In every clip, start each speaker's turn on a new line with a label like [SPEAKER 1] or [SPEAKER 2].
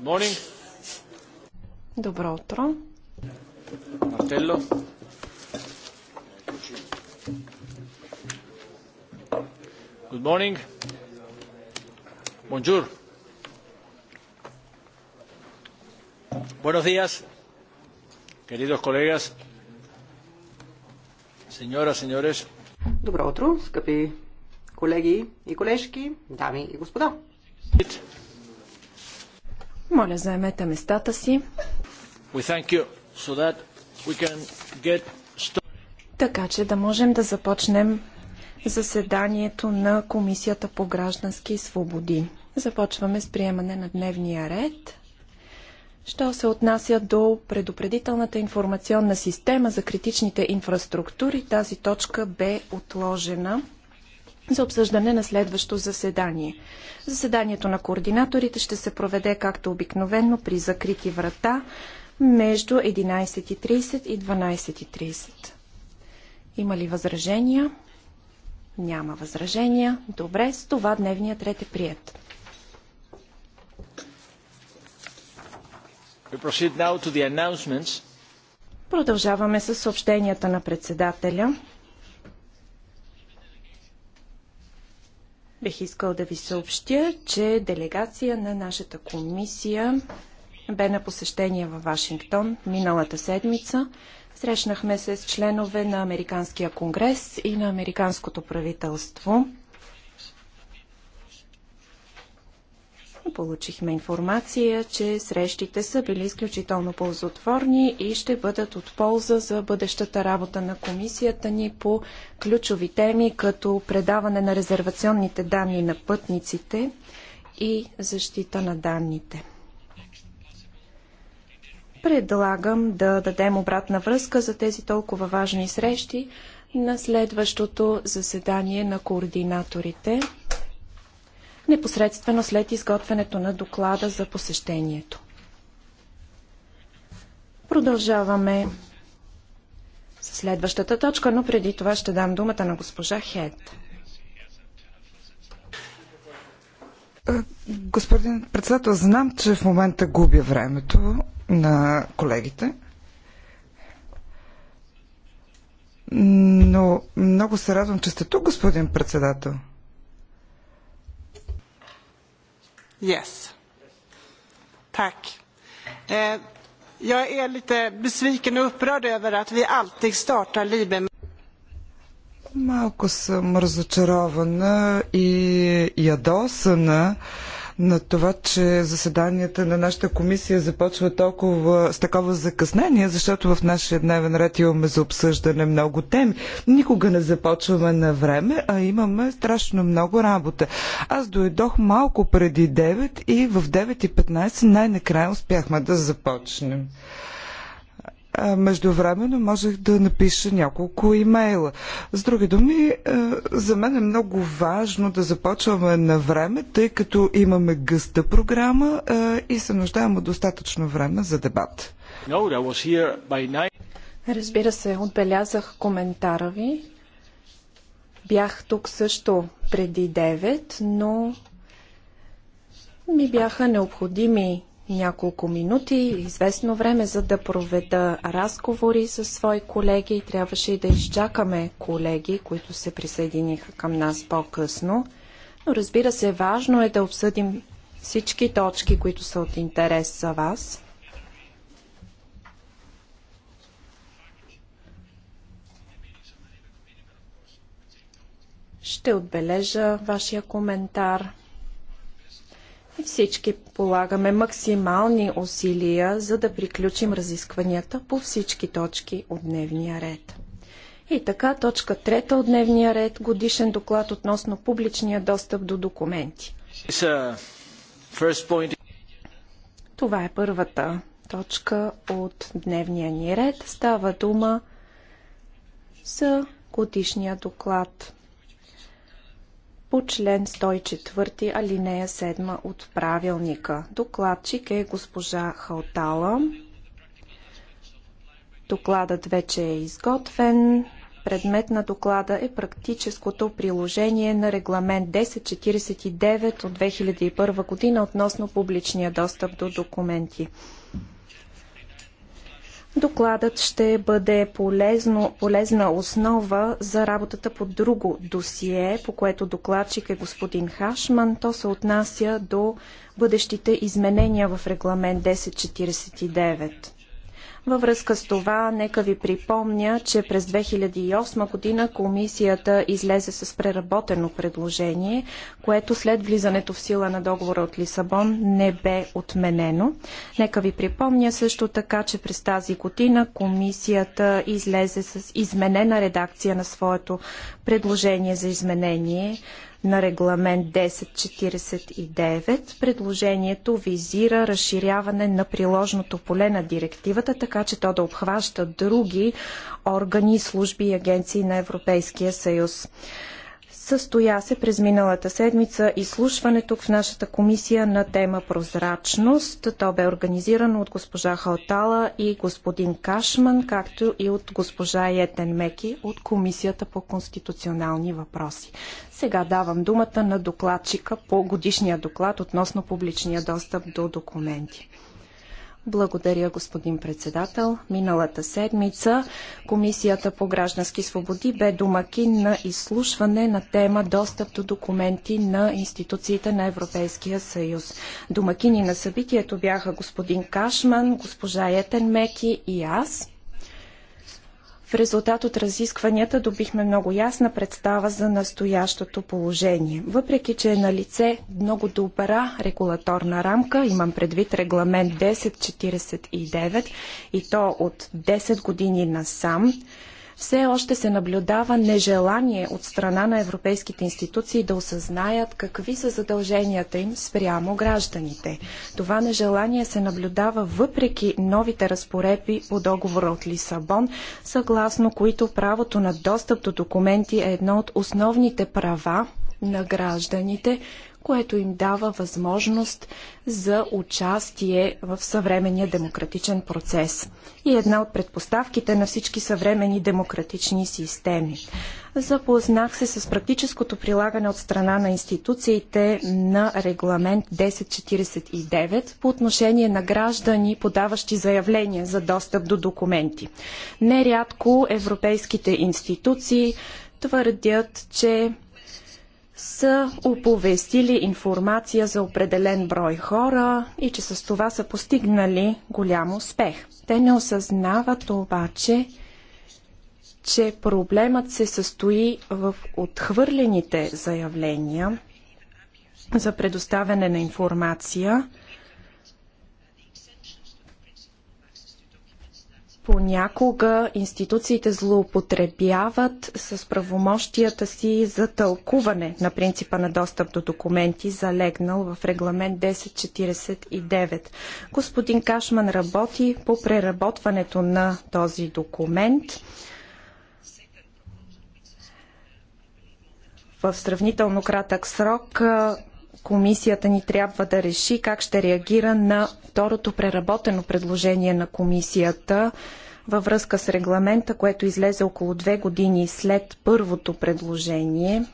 [SPEAKER 1] Morning.
[SPEAKER 2] Добро утро.
[SPEAKER 1] Мартелло. Good morning. Bonjour. Buenos días, queridos colegas, señoras, señores. Добро утро, скъпи колеги и колежки, дами и господа.
[SPEAKER 2] Моля, заемете местата си. Така че да можем да започнем заседанието на Комисията по граждански свободи. Започваме с приемане на дневния ред. Що се отнася до предупредителната информационна система за критичните инфраструктури, тази точка бе отложена за обсъждане на следващо заседание. Заседанието на координаторите ще се проведе както обикновено при закрити врата между 11.30 и 12.30. Има ли възражения? Няма възражения. Добре, с това дневният ред е прият. Продължаваме с съобщенията на председателя. Бих искал да ви съобщя, че делегация на нашата комисия бе на посещение във Вашингтон миналата седмица. Срещнахме се с членове на Американския конгрес и на Американското правителство. Получихме информация, че срещите са били изключително ползотворни и ще бъдат от полза за бъдещата работа на комисията ни по ключови теми, като предаване на резервационните данни на пътниците и защита на данните. Предлагам да дадем обратна връзка за тези толкова важни срещи на следващото заседание на координаторите – непосредствено след изготвянето на доклада за посещението. Продължаваме с следващата точка, но преди това ще дам думата на госпожа Хед.
[SPEAKER 3] Е, господин председател, знам, че в момента губя времето на колегите, но много се радвам, че сте тук, господин председател.
[SPEAKER 4] Yes. Tack. Eh, jag är lite besviken och upprörd över att vi alltid startar Libe.
[SPEAKER 3] Малко съм разочарована и ядосана, на това, че заседанията на нашата комисия започват толкова с такова закъснение, защото в нашия дневен ред имаме за обсъждане много теми. Никога не започваме на време, а имаме страшно много работа. Аз дойдох малко преди 9 и в 9.15 най-накрая успяхме да започнем. Междувременно можех да напиша няколко имейла. С други думи, е, за мен е много важно да започваме на време, тъй като имаме гъста програма е, и се нуждаем от достатъчно време за дебат.
[SPEAKER 2] Разбира се, отбелязах коментара ви. Бях тук също преди 9, но ми бяха необходими няколко минути, известно време, за да проведа разговори с свои колеги. Трябваше и да изчакаме колеги, които се присъединиха към нас по-късно. Но разбира се, важно е да обсъдим всички точки, които са от интерес за вас. Ще отбележа вашия коментар – и всички полагаме максимални усилия, за да приключим разискванията по всички точки от дневния ред. И така, точка трета от дневния ред, годишен доклад относно публичния достъп до документи. Uh, Това е първата точка от дневния ни ред. Става дума за годишния доклад по член 104 алинея 7 от правилника. Докладчик е госпожа Халтала. Докладът вече е изготвен. Предмет на доклада е практическото приложение на регламент 1049 от 2001 година относно публичния достъп до документи. Докладът ще бъде полезно, полезна основа за работата по друго досие, по което докладчик е господин Хашман. То се отнася до бъдещите изменения в регламент 1049. Във връзка с това, нека ви припомня, че през 2008 година комисията излезе с преработено предложение, което след влизането в сила на договора от Лисабон не бе отменено. Нека ви припомня също така, че през тази година комисията излезе с изменена редакция на своето предложение за изменение на регламент 1049. Предложението визира разширяване на приложното поле на директивата, така че то да обхваща други органи, служби и агенции на Европейския съюз. Състоя се през миналата седмица изслушване тук в нашата комисия на тема прозрачност. То бе организирано от госпожа Халтала и господин Кашман, както и от госпожа Етен Меки от Комисията по конституционални въпроси. Сега давам думата на докладчика по годишния доклад относно публичния достъп до документи. Благодаря, господин председател. Миналата седмица Комисията по граждански свободи бе домакин на изслушване на тема достъп до документи на институциите на Европейския съюз. Домакини на събитието бяха господин Кашман, госпожа Етен Меки и аз. В резултат от разискванията добихме много ясна представа за настоящото положение. Въпреки, че е на лице много добра регулаторна рамка, имам предвид регламент 1049 и то от 10 години насам, все още се наблюдава нежелание от страна на европейските институции да осъзнаят какви са задълженията им спрямо гражданите. Това нежелание се наблюдава въпреки новите разпоредби по договора от Лисабон, съгласно които правото на достъп до документи е едно от основните права на гражданите, което им дава възможност за участие в съвременния демократичен процес. И една от предпоставките на всички съвремени демократични системи. Запознах се с практическото прилагане от страна на институциите на регламент 1049 по отношение на граждани, подаващи заявления за достъп до документи. Нерядко европейските институции твърдят, че са оповестили информация за определен брой хора и че с това са постигнали голям успех. Те не осъзнават обаче, че проблемът се състои в отхвърлените заявления за предоставяне на информация – Понякога институциите злоупотребяват с правомощията си за тълкуване на принципа на достъп до документи, залегнал в регламент 1049. Господин Кашман работи по преработването на този документ. В сравнително кратък срок комисията ни трябва да реши как ще реагира на второто преработено предложение на комисията във връзка с регламента, което излезе около две години след първото предложение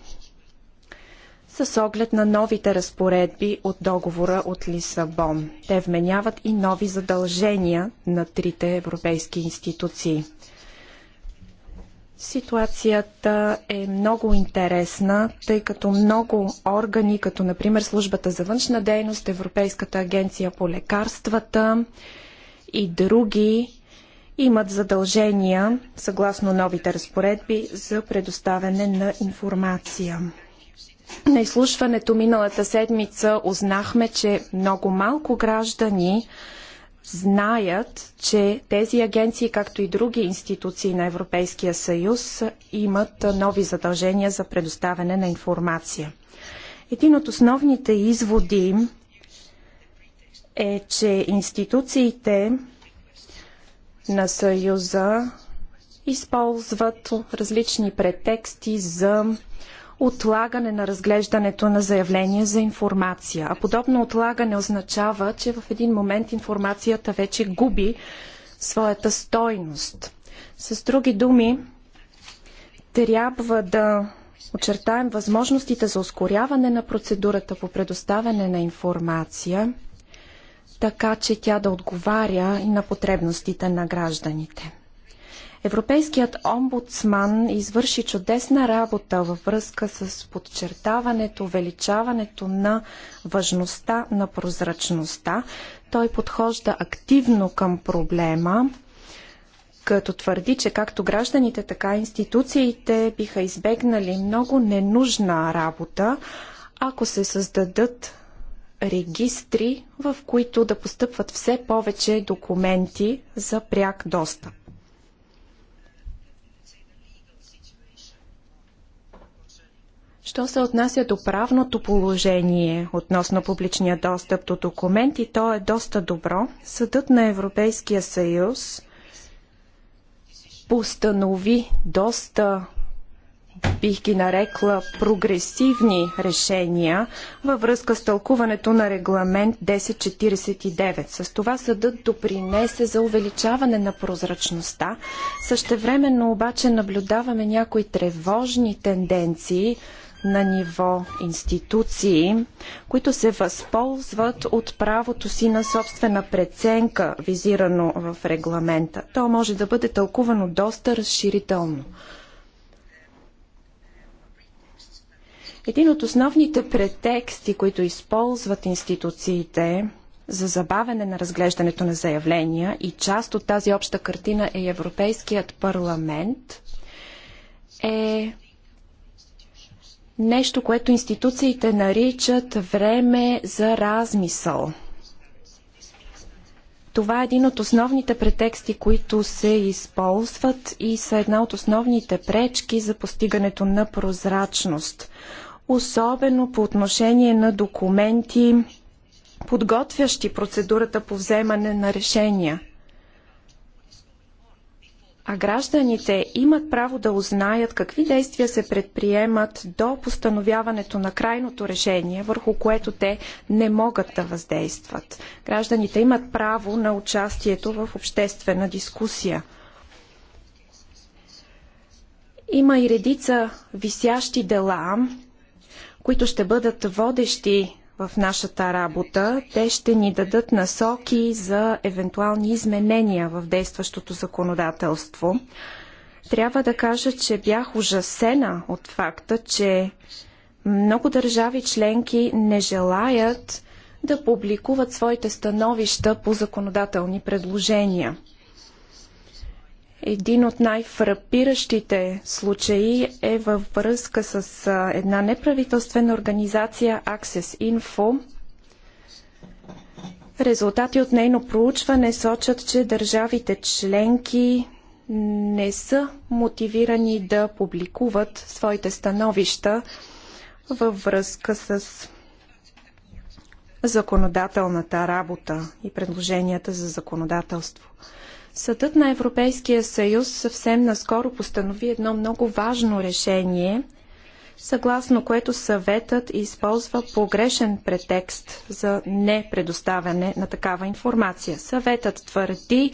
[SPEAKER 2] с оглед на новите разпоредби от договора от Лисабон. Те вменяват и нови задължения на трите европейски институции. Ситуацията е много интересна, тъй като много органи, като например Службата за външна дейност, Европейската агенция по лекарствата и други, имат задължения, съгласно новите разпоредби, за предоставяне на информация. На изслушването миналата седмица узнахме, че много малко граждани знаят, че тези агенции, както и други институции на Европейския съюз, имат нови задължения за предоставяне на информация. Един от основните изводи е, че институциите на Съюза използват различни претексти за отлагане на разглеждането на заявление за информация. А подобно отлагане означава, че в един момент информацията вече губи своята стойност. С други думи, трябва да очертаем възможностите за ускоряване на процедурата по предоставяне на информация, така че тя да отговаря и на потребностите на гражданите. Европейският омбудсман извърши чудесна работа във връзка с подчертаването, увеличаването на важността на прозрачността. Той подхожда активно към проблема, като твърди, че както гражданите, така и институциите биха избегнали много ненужна работа, ако се създадат регистри, в които да постъпват все повече документи за пряк достъп. Що се отнася до правното положение относно публичния достъп до документи, то е доста добро. Съдът на Европейския съюз постанови доста бих ги нарекла прогресивни решения във връзка с тълкуването на регламент 1049. С това съдът допринесе за увеличаване на прозрачността. Същевременно обаче наблюдаваме някои тревожни тенденции – на ниво институции, които се възползват от правото си на собствена преценка, визирано в регламента. То може да бъде тълкувано доста разширително. Един от основните претексти, които използват институциите за забавене на разглеждането на заявления и част от тази обща картина е Европейският парламент, е нещо, което институциите наричат време за размисъл. Това е един от основните претексти, които се използват и са една от основните пречки за постигането на прозрачност. Особено по отношение на документи, подготвящи процедурата по вземане на решения а гражданите имат право да узнаят какви действия се предприемат до постановяването на крайното решение, върху което те не могат да въздействат. Гражданите имат право на участието в обществена дискусия. Има и редица висящи дела, които ще бъдат водещи в нашата работа. Те ще ни дадат насоки за евентуални изменения в действащото законодателство. Трябва да кажа, че бях ужасена от факта, че много държави членки не желаят да публикуват своите становища по законодателни предложения – един от най-фрапиращите случаи е във връзка с една неправителствена организация Access Info. Резултати от нейно проучване сочат, че държавите членки не са мотивирани да публикуват своите становища във връзка с законодателната работа и предложенията за законодателство. Съдът на Европейския съюз съвсем наскоро постанови едно много важно решение, съгласно което съветът използва погрешен претекст за непредоставяне на такава информация. Съветът твърди,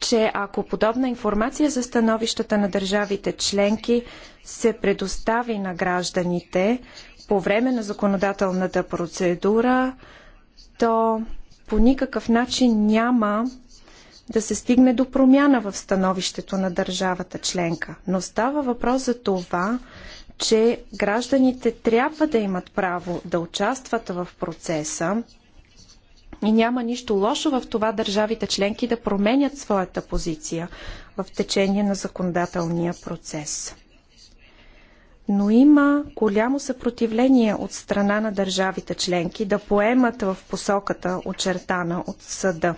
[SPEAKER 2] че ако подобна информация за становищата на държавите членки се предостави на гражданите по време на законодателната процедура, то по никакъв начин няма да се стигне до промяна в становището на държавата членка. Но става въпрос за това, че гражданите трябва да имат право да участват в процеса и няма нищо лошо в това държавите членки да променят своята позиция в течение на законодателния процес. Но има голямо съпротивление от страна на държавите членки да поемат в посоката очертана от съда.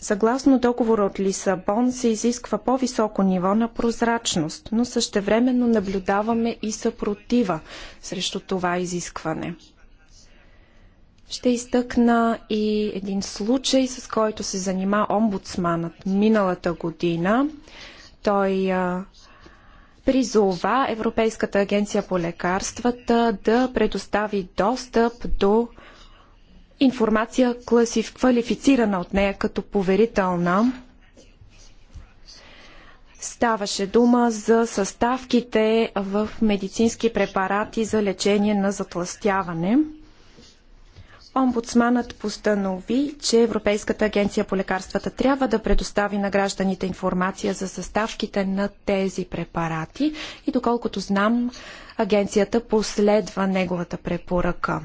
[SPEAKER 2] Съгласно договора от Лисабон се изисква по-високо ниво на прозрачност, но същевременно наблюдаваме и съпротива срещу това изискване. Ще изтъкна и един случай, с който се занима омбудсманът миналата година. Той а, призова Европейската агенция по лекарствата да предостави достъп до информация, класиф, квалифицирана от нея като поверителна. Ставаше дума за съставките в медицински препарати за лечение на затластяване. Омбудсманът постанови, че Европейската агенция по лекарствата трябва да предостави на гражданите информация за съставките на тези препарати и доколкото знам, агенцията последва неговата препоръка.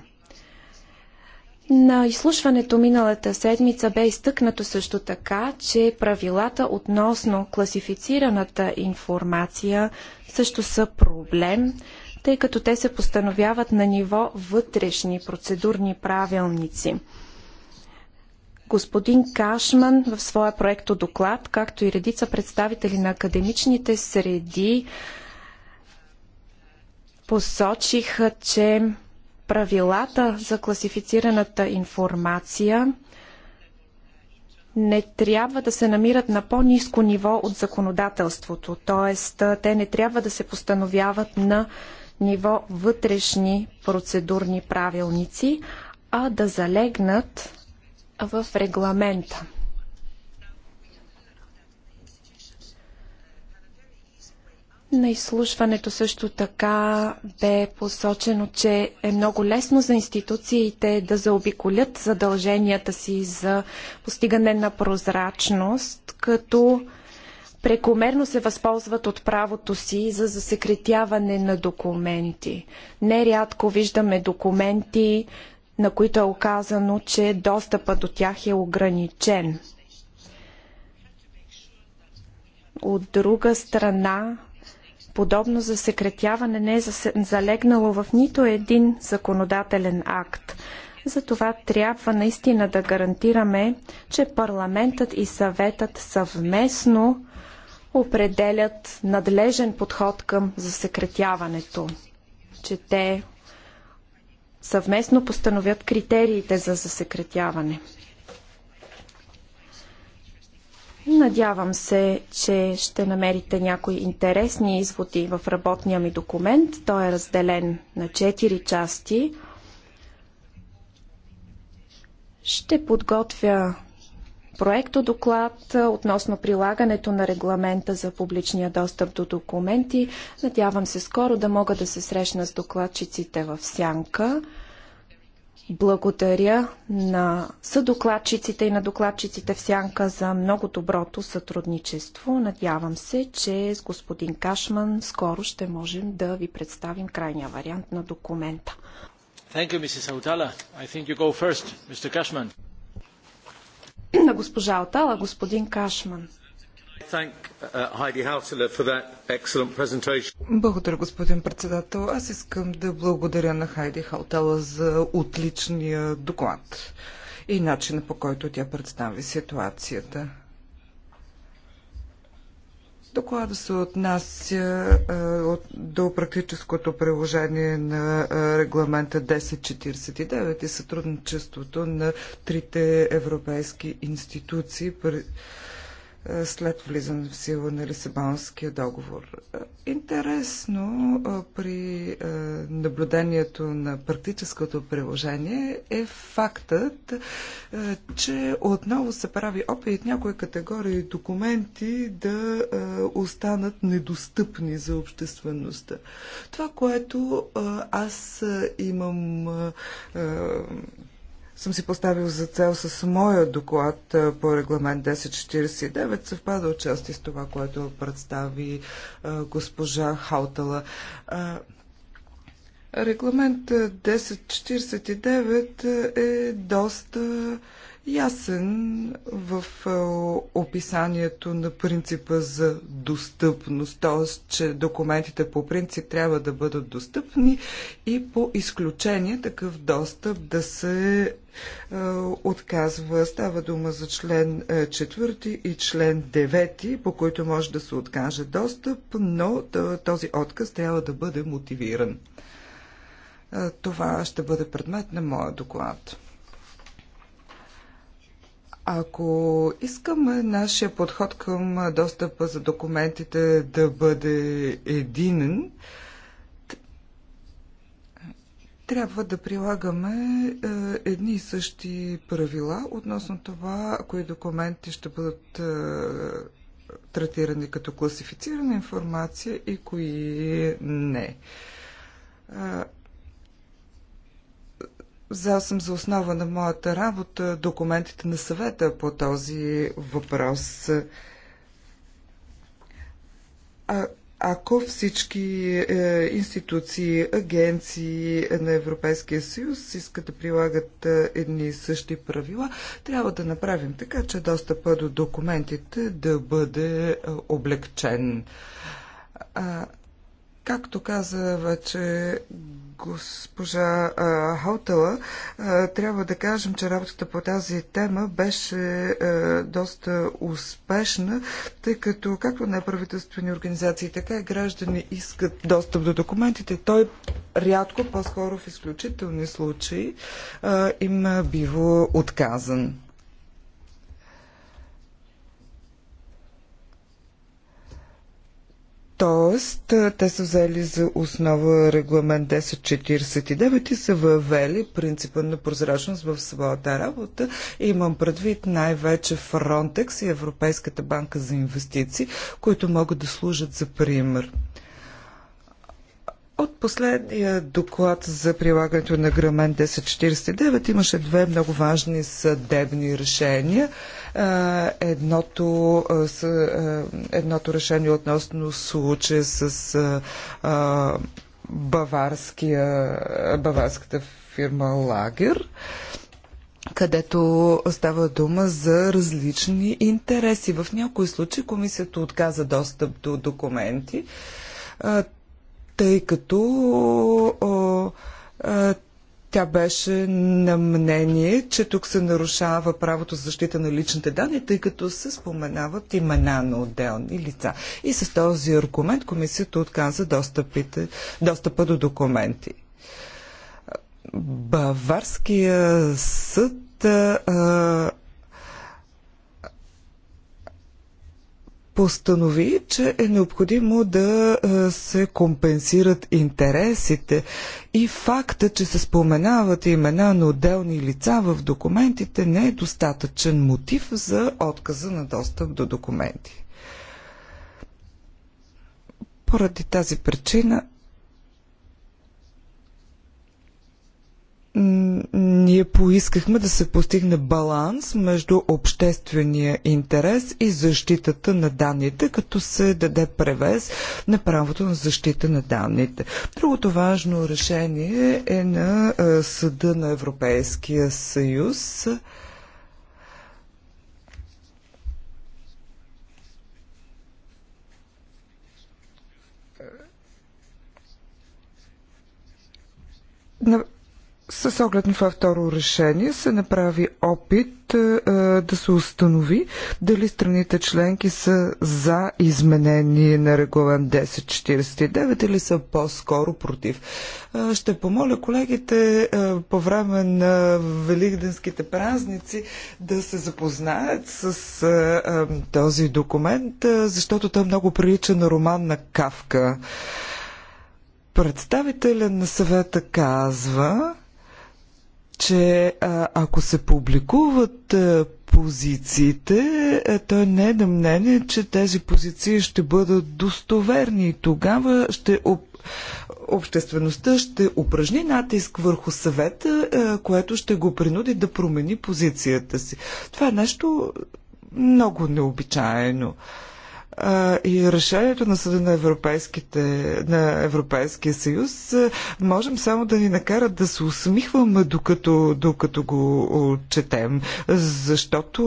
[SPEAKER 2] На изслушването миналата седмица бе изтъкнато също така, че правилата относно класифицираната информация също са проблем, тъй като те се постановяват на ниво вътрешни процедурни правилници. Господин Кашман в своя проекто доклад, както и редица представители на академичните среди, посочиха, че правилата за класифицираната информация не трябва да се намират на по-низко ниво от законодателството, т.е. те не трябва да се постановяват на ниво вътрешни процедурни правилници, а да залегнат в регламента. На изслушването също така бе посочено, че е много лесно за институциите да заобиколят задълженията си за постигане на прозрачност, като прекомерно се възползват от правото си за засекретяване на документи. Нерядко виждаме документи, на които е оказано, че достъпа до тях е ограничен. От друга страна, Подобно засекретяване не е залегнало в нито един законодателен акт. Затова трябва наистина да гарантираме, че парламентът и съветът съвместно определят надлежен подход към засекретяването, че те съвместно постановят критериите за засекретяване. Надявам се, че ще намерите някои интересни изводи в работния ми документ. Той е разделен на 4 части. Ще подготвя проекто доклад относно прилагането на регламента за публичния достъп до документи. Надявам се скоро да мога да се срещна с докладчиците в Сянка. Благодаря на съдокладчиците и на докладчиците в Сянка за много доброто сътрудничество. Надявам се, че с господин Кашман скоро ще можем да ви представим крайния вариант на документа.
[SPEAKER 1] You, first,
[SPEAKER 2] на госпожа Отала, господин Кашман.
[SPEAKER 1] Uh,
[SPEAKER 3] благодаря, господин председател. Аз искам да благодаря на Хайди Халтала за отличния доклад и начина по който тя представи ситуацията. Доклада се отнася е, до практическото приложение на е, регламента 1049 и сътрудничеството на трите европейски институции. Е, след влизане в сила на Лисабонския договор. Е, интересно е, при наблюдението на практическото приложение е фактът, че отново се прави опит някои категории документи да останат недостъпни за обществеността. Това, което аз имам съм си поставил за цел с моя доклад по регламент 1049, съвпада отчасти с това, което представи госпожа Хаутала. Регламент 1049 е доста ясен в е, описанието на принципа за достъпност, т.е. че документите по принцип трябва да бъдат достъпни и по изключение такъв достъп да се е, отказва. Става дума за член 4 е, и член 9, по които може да се откаже достъп, но този отказ трябва да бъде мотивиран. Това ще бъде предмет на моя доклад. Ако искаме нашия подход към достъпа за документите да бъде единен, трябва да прилагаме е, едни и същи правила относно това, кои документи ще бъдат е, третирани като класифицирана информация и кои не. Е, Взел съм за основа на моята работа документите на съвета по този въпрос. А, ако всички е, институции, агенции на Европейския съюз искат да прилагат е, едни и същи правила, трябва да направим така, че достъпа до документите да бъде е, облегчен. А, Както каза вече госпожа Хотела, трябва да кажем, че работата по тази тема беше доста успешна, тъй като както неправителствени организации, така и граждани искат достъп до документите. Той рядко, по-скоро в изключителни случаи, им бива отказан. Тоест, те са взели за основа регламент 1049 и са въвели принципа на прозрачност в своята работа. Имам предвид най-вече Frontex и Европейската банка за инвестиции, които могат да служат за пример. От последния доклад за прилагането на регламент 1049 имаше две много важни съдебни решения – едното, едното решение относно случая с баварския, баварската фирма Лагер където става дума за различни интереси. В някои случаи комисията отказа достъп до документи, тъй като тя беше на мнение, че тук се нарушава правото за защита на личните данни, тъй като се споменават имена на отделни лица. И с този аргумент комисията отказа достъпите, достъпа до документи. Баварския съд а, постанови, че е необходимо да се компенсират интересите и факта, че се споменават имена на отделни лица в документите не е достатъчен мотив за отказа на достъп до документи. Поради тази причина ние поискахме да се постигне баланс между обществения интерес и защитата на данните, като се даде превес на правото на защита на данните. Другото важно решение е на е, Съда на Европейския съюз. на с оглед на това второ решение се направи опит е, е, да се установи дали страните членки са за изменение на регламент 1049 или са по-скоро против. Е, ще помоля колегите е, по време на великденските празници да се запознаят с е, е, този документ, защото той много прилича на роман на Кавка. Представителя на съвета казва, че ако се публикуват позициите, е, той не е на мнение, че тези позиции ще бъдат достоверни и тогава ще об... обществеността ще упражни натиск върху съвета, е, което ще го принуди да промени позицията си. Това е нещо много необичайно и решението на Съда на, Европейските, на Европейския съюз можем само да ни накарат да се усмихваме докато, докато го четем, защото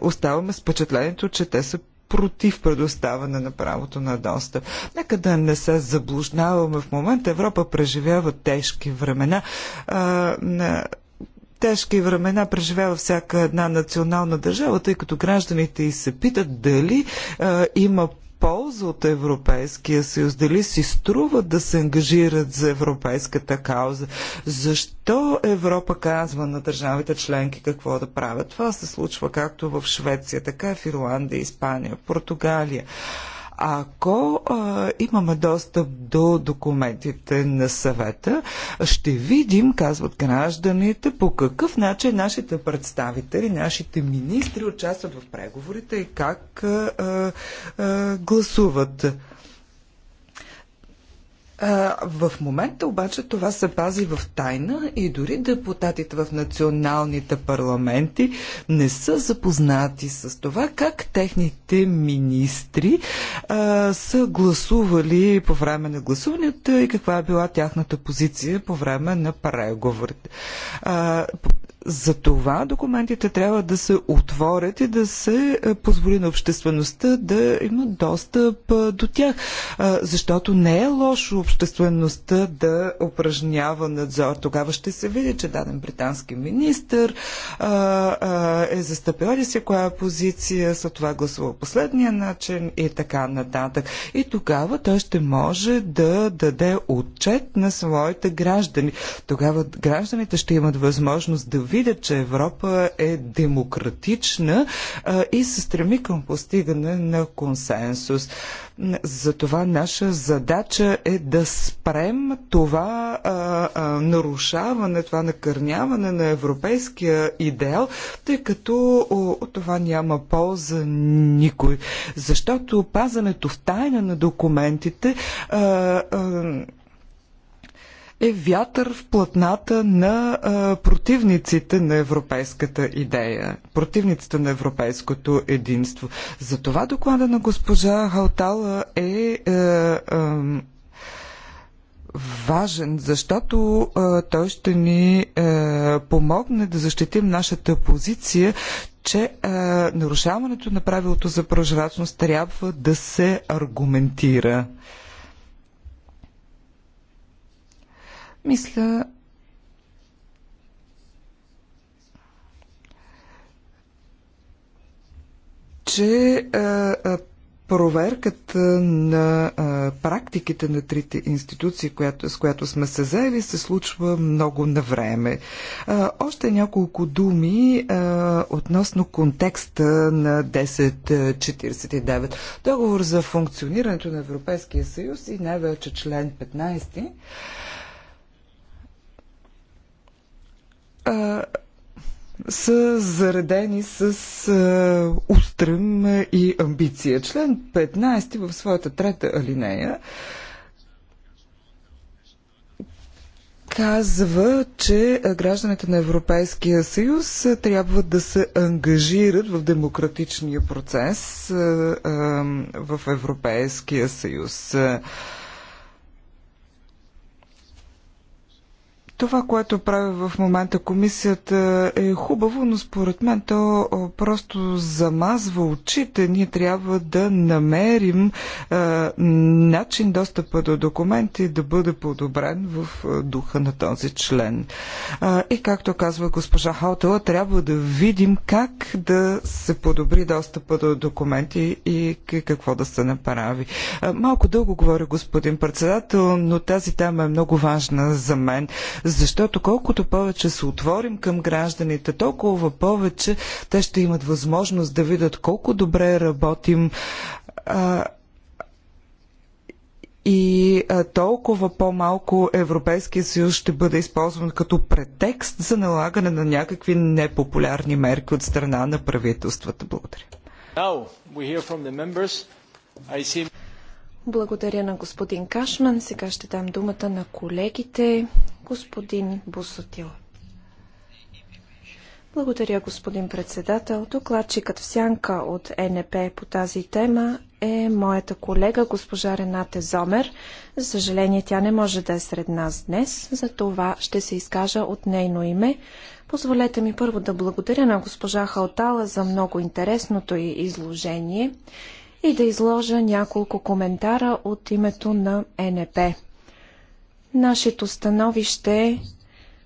[SPEAKER 3] оставаме с впечатлението, че те са против предоставане на правото на достъп. Нека да не се заблуждаваме в момента. Европа преживява тежки времена. А, на тежки времена преживява всяка една национална държава, тъй като гражданите и се питат дали а, има полза от Европейския съюз, дали си струва да се ангажират за европейската кауза. Защо Европа казва на държавите членки какво да правят? Това се случва както в Швеция, така и в Ирландия, Испания, Португалия. Ако а, имаме достъп до документите на съвета, ще видим, казват гражданите, по какъв начин нашите представители, нашите министри участват в преговорите и как а, а, гласуват. В момента обаче това се пази в тайна и дори депутатите в националните парламенти не са запознати с това как техните министри а, са гласували по време на гласуването и каква е била тяхната позиция по време на преговорите. Затова документите трябва да се отворят и да се е, позволи на обществеността да има достъп е, до тях. Е, защото не е лошо обществеността да упражнява надзор. Тогава ще се види, че даден британски министр е застъпил ли се коя позиция, след това гласува последния начин и така нататък. И тогава той ще може да даде отчет на своите граждани. Тогава гражданите ще имат възможност да видят, че Европа е демократична а, и се стреми към постигане на консенсус. Затова наша задача е да спрем това а, а, нарушаване, това накърняване на европейския идеал, тъй като о, това няма полза никой. Защото пазането в тайна на документите а, а, е вятър в платната на а, противниците на европейската идея, противниците на европейското единство. Затова доклада на госпожа Халтала е. е, е важен, защото а, той ще ни а, помогне да защитим нашата позиция, че а, нарушаването на правилото за прожрачност трябва да се аргументира. Мисля, че проверката на а, практиките на трите институции, която, с която сме се заели, се случва много на време. още няколко думи а, относно контекста на 1049. Договор за функционирането на Европейския съюз и най-вече член 15 а, са заредени с а, устрем и амбиция. Член 15 в своята трета алинея казва, че гражданите на Европейския съюз трябва да се ангажират в демократичния процес в Европейския съюз. Това, което прави в момента комисията е хубаво, но според мен то просто замазва очите. Ние трябва да намерим е, начин достъпа до документи да бъде подобрен в духа на този член. Е, и както казва госпожа Хаутела, трябва да видим как да се подобри достъпа до документи и какво да се направи. Малко дълго говори господин председател, но тази тема е много важна за мен защото колкото повече се отворим към гражданите, толкова повече те ще имат възможност да видят колко добре работим а, и а, толкова по-малко Европейския съюз ще бъде използван като претекст за налагане на някакви непопулярни мерки от страна на правителствата.
[SPEAKER 1] Благодаря. See...
[SPEAKER 2] Благодаря на господин Кашман. Сега ще дам думата на колегите господин Бусотил. Благодаря, господин председател. Докладчикът в сянка от НП по тази тема е моята колега, госпожа Рената Зомер. За съжаление, тя не може да е сред нас днес, за това ще се изкажа от нейно име. Позволете ми първо да благодаря на госпожа Халтала за много интересното й изложение и да изложа няколко коментара от името на НП. Нашето становище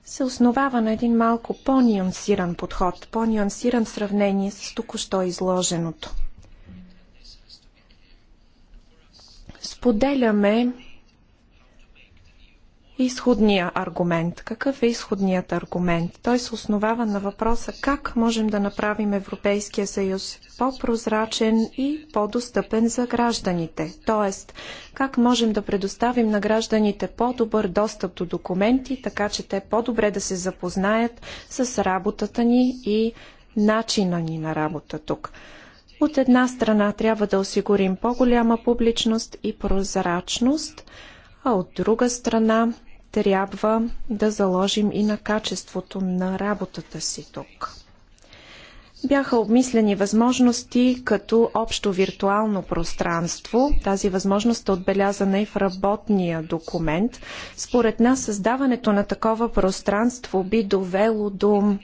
[SPEAKER 2] се основава на един малко по-нюансиран подход, по-нюансиран сравнение с току-що изложеното. Споделяме изходния аргумент. Какъв е изходният аргумент? Той се основава на въпроса как можем да направим Европейския съюз по-прозрачен и по-достъпен за гражданите. Тоест, как можем да предоставим на гражданите по-добър достъп до документи, така че те по-добре да се запознаят с работата ни и начина ни на работа тук. От една страна трябва да осигурим по-голяма публичност и прозрачност, а от друга страна трябва да заложим и на качеството на работата си тук. Бяха обмислени възможности като общо виртуално пространство. Тази възможност е отбелязана и в работния документ. Според нас създаването на такова пространство би довело до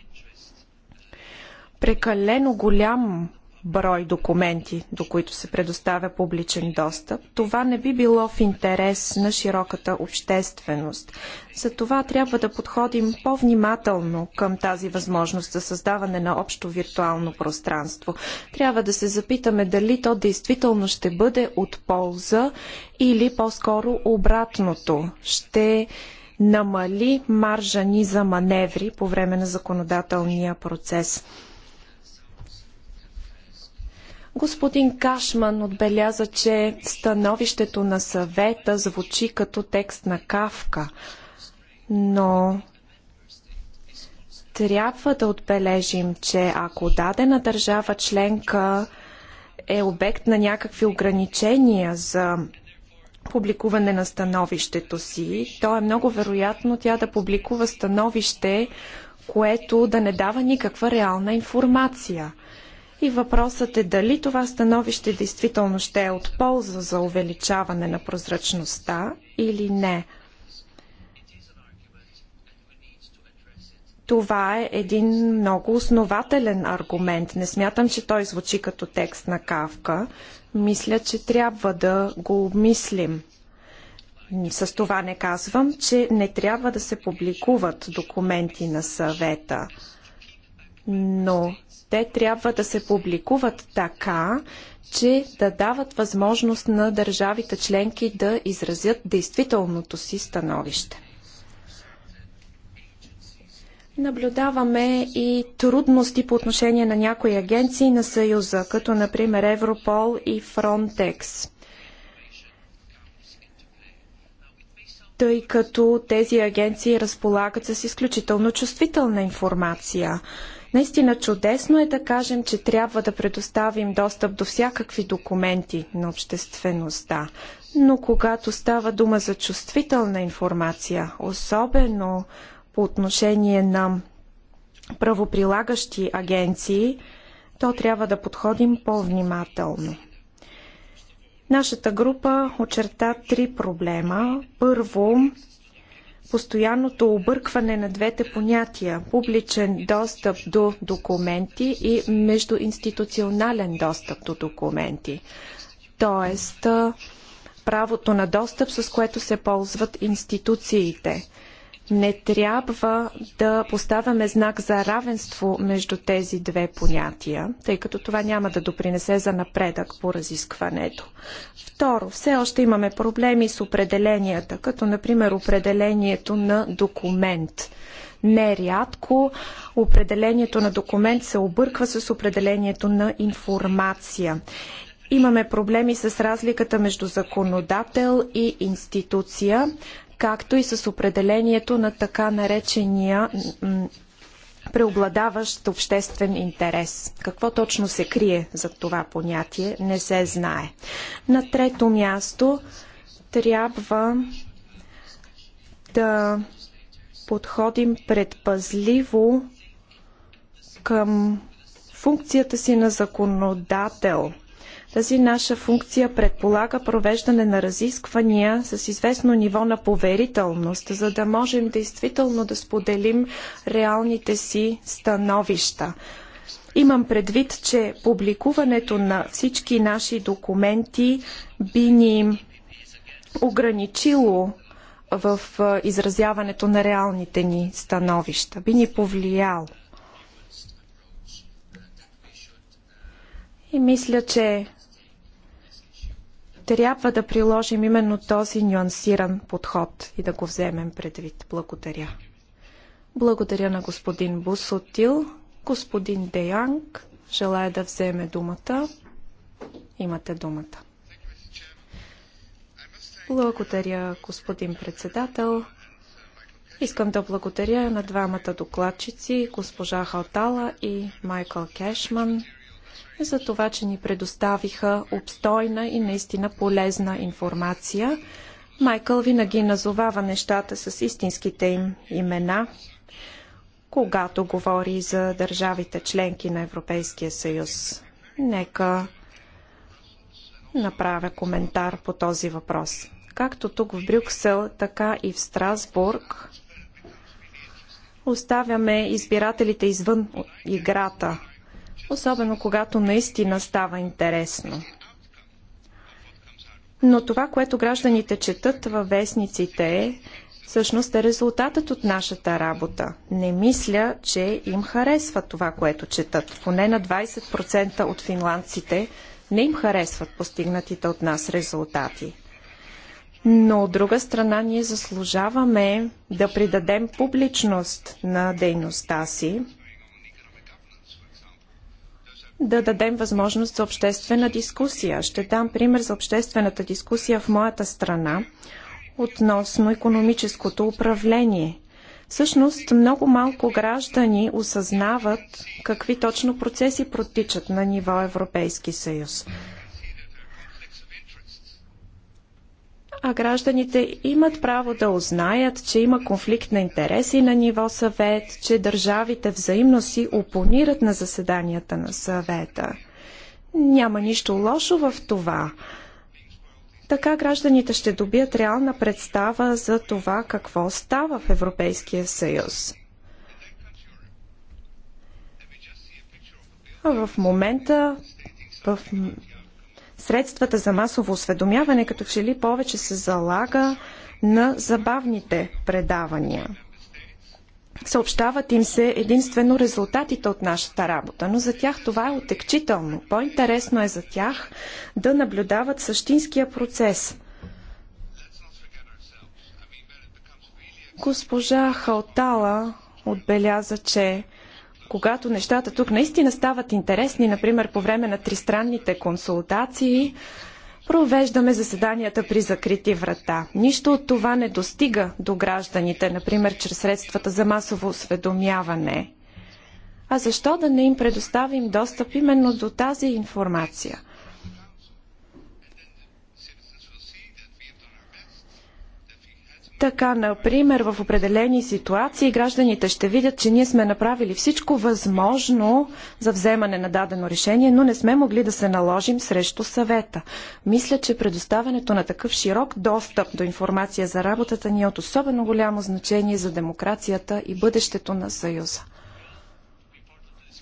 [SPEAKER 2] прекалено голям брой документи, до които се предоставя публичен достъп. Това не би било в интерес на широката общественост. Затова трябва да подходим по-внимателно към тази възможност за създаване на общо виртуално пространство. Трябва да се запитаме дали то действително ще бъде от полза или по-скоро обратното. Ще намали маржа ни за маневри по време на законодателния процес. Господин Кашман отбеляза, че становището на съвета звучи като текст на Кавка, но трябва да отбележим, че ако дадена държава членка е обект на някакви ограничения за публикуване на становището си, то е много вероятно тя да публикува становище, което да не дава никаква реална информация – и въпросът е дали това становище действително ще е от полза за увеличаване на прозрачността или не. Това е един много основателен аргумент. Не смятам, че той звучи като текст на Кавка. Мисля, че трябва да го обмислим. С това не казвам, че не трябва да се публикуват документи на съвета, но те трябва да се публикуват така, че да дават възможност на държавите членки да изразят действителното си становище. Наблюдаваме и трудности по отношение на някои агенции на Съюза, като например Европол и Фронтекс. тъй като тези агенции разполагат с изключително чувствителна информация. Наистина чудесно е да кажем, че трябва да предоставим достъп до всякакви документи на обществеността. Но когато става дума за чувствителна информация, особено по отношение на правоприлагащи агенции, то трябва да подходим по-внимателно. Нашата група очерта три проблема. Първо, постоянното объркване на двете понятия публичен достъп до документи и междуинституционален достъп до документи. т.е. правото на достъп, с което се ползват институциите. Не трябва да поставяме знак за равенство между тези две понятия, тъй като това няма да допринесе за напредък по разискването. Второ, все още имаме проблеми с определенията, като например определението на документ. Нерядко определението на документ се обърква с определението на информация. Имаме проблеми с разликата между законодател и институция както и с определението на така наречения преобладаващ обществен интерес. Какво точно се крие за това понятие, не се знае. На трето място трябва да подходим предпазливо към функцията си на законодател – тази наша функция предполага провеждане на разисквания с известно ниво на поверителност, за да можем действително да споделим реалните си становища. Имам предвид, че публикуването на всички наши документи би ни ограничило в изразяването на реалните ни становища, би ни повлияло. И мисля, че трябва да приложим именно този нюансиран подход и да го вземем предвид. Благодаря. Благодаря на господин Бусотил. Господин Деянг желая да вземе думата. Имате думата. Благодаря, господин председател. Искам да благодаря на двамата докладчици, госпожа Халтала и Майкъл Кешман за това, че ни предоставиха обстойна и наистина полезна информация. Майкъл винаги назовава нещата с истинските им имена, когато говори за държавите членки на Европейския съюз. Нека направя коментар по този въпрос. Както тук в Брюксел, така и в Страсбург, оставяме избирателите извън играта особено когато наистина става интересно. Но това, което гражданите четат във вестниците е, всъщност е резултатът от нашата работа. Не мисля, че им харесва това, което четат. Поне на 20% от финландците не им харесват постигнатите от нас резултати. Но от друга страна ние заслужаваме да придадем публичност на дейността си, да дадем възможност за обществена дискусия. Ще дам пример за обществената дискусия в моята страна относно економическото управление. Всъщност много малко граждани осъзнават какви точно процеси протичат на ниво Европейски съюз. а гражданите имат право да узнаят, че има конфликт на интереси на ниво съвет, че държавите взаимно си опонират на заседанията на съвета. Няма нищо лошо в това. Така гражданите ще добият реална представа за това какво става в Европейския съюз. А в момента в средствата за масово осведомяване като че ли повече се залага на забавните предавания. Съобщават им се единствено резултатите от нашата работа, но за тях това е отекчително. По-интересно е за тях да наблюдават същинския процес. Госпожа Халтала отбеляза, че когато нещата тук наистина стават интересни, например по време на тристранните консултации, провеждаме заседанията при закрити врата. Нищо от това не достига до гражданите, например чрез средствата за масово осведомяване. А защо да не им предоставим достъп именно до тази информация? Така, например, в определени ситуации гражданите ще видят, че ние сме направили всичко възможно за вземане на дадено решение, но не сме могли да се наложим срещу съвета. Мисля, че предоставянето на такъв широк достъп до информация за работата ни е от особено голямо значение за демокрацията и бъдещето на Съюза.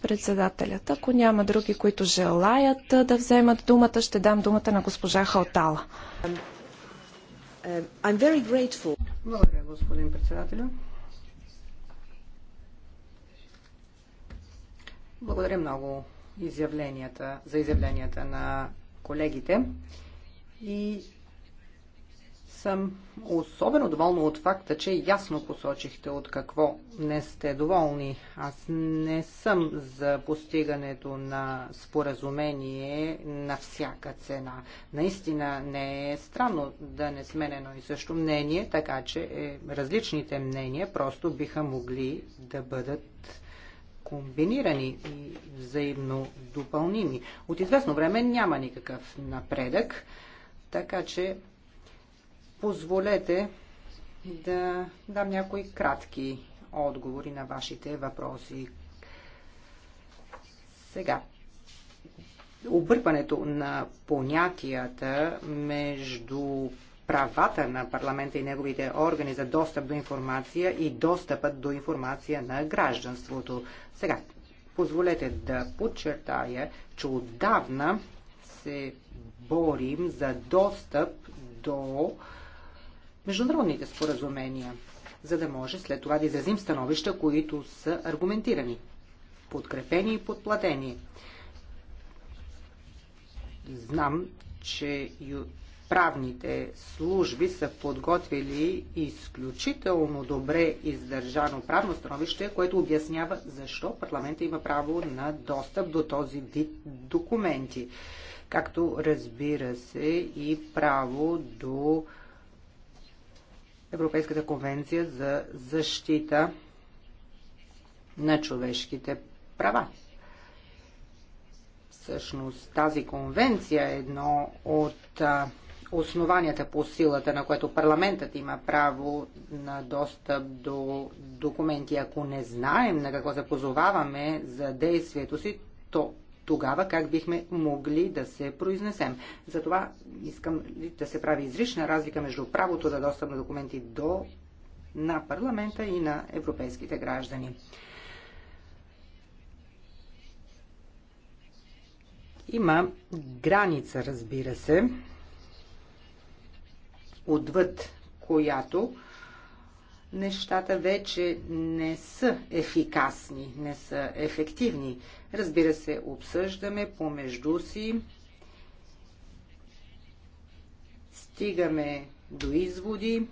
[SPEAKER 2] Председателят, ако няма други, които желаят да вземат думата, ще дам думата на госпожа Халтала.
[SPEAKER 4] Е, I'm very grateful. Благодаря, господин председателю. Благодаря много изявленията, за изявленията на колегите. И съм особено доволна от факта, че ясно посочихте от какво не сте доволни. Аз не съм за постигането на споразумение на всяка цена. Наистина не е странно да не сме едно и също мнение, така че е, различните мнения просто биха могли да бъдат комбинирани и взаимно допълними. От известно време няма никакъв напредък, така че позволете да дам някои кратки отговори на вашите въпроси. Сега, объркването на понятията между правата на парламента и неговите органи за достъп до информация и достъпът до информация на гражданството. Сега, позволете да подчертая, че отдавна се борим за достъп до международните споразумения, за да може след това да изразим становища, които са аргументирани, подкрепени и подплатени. Знам, че правните служби са подготвили изключително добре издържано правно становище, което обяснява защо парламента има право на достъп до този вид документи, както разбира се и право до Европейската конвенция за защита на човешките права. Всъщност тази конвенция е едно от основанията по силата, на което парламентът има право на достъп до документи. Ако не знаем на какво се позоваваме за действието си, то тогава как бихме могли да се произнесем. Затова искам да се прави изрична разлика между правото за да достъп на документи до на парламента и на европейските граждани. Има граница, разбира се, отвъд която нещата вече не са ефикасни, не са ефективни. Разбира се, обсъждаме помежду си, стигаме до изводи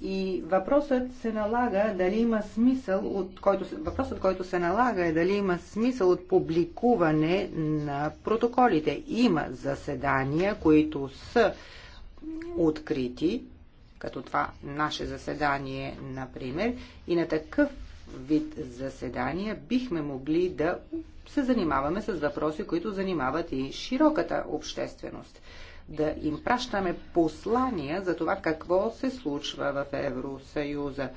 [SPEAKER 4] и въпросът се налага дали има смисъл от който, въпросът, който се налага е дали има смисъл от публикуване на протоколите. Има заседания, които са открити, като това наше заседание, например, и на такъв вид заседания бихме могли да се занимаваме с въпроси, които занимават и широката общественост. Да им пращаме послания за това какво се случва в Евросъюза.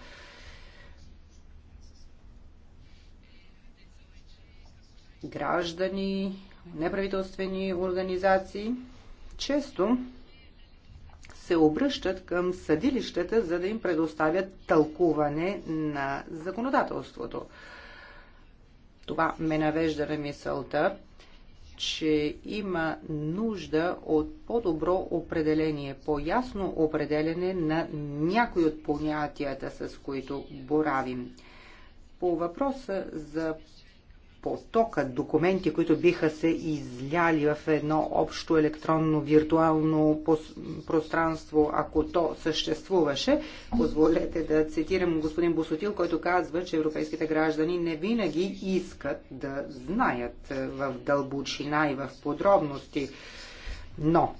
[SPEAKER 4] Граждани, неправителствени организации често се обръщат към съдилищата, за да им предоставят тълкуване на законодателството. Това ме навежда на мисълта, че има нужда от по-добро определение, по-ясно определене на някои от понятията, с които боравим. По въпроса за потока документи, които биха се изляли в едно общо електронно виртуално пространство, ако то съществуваше. Позволете да цитирам господин Босотил, който казва, че европейските граждани не винаги искат да знаят е, в дълбочина и в подробности. Но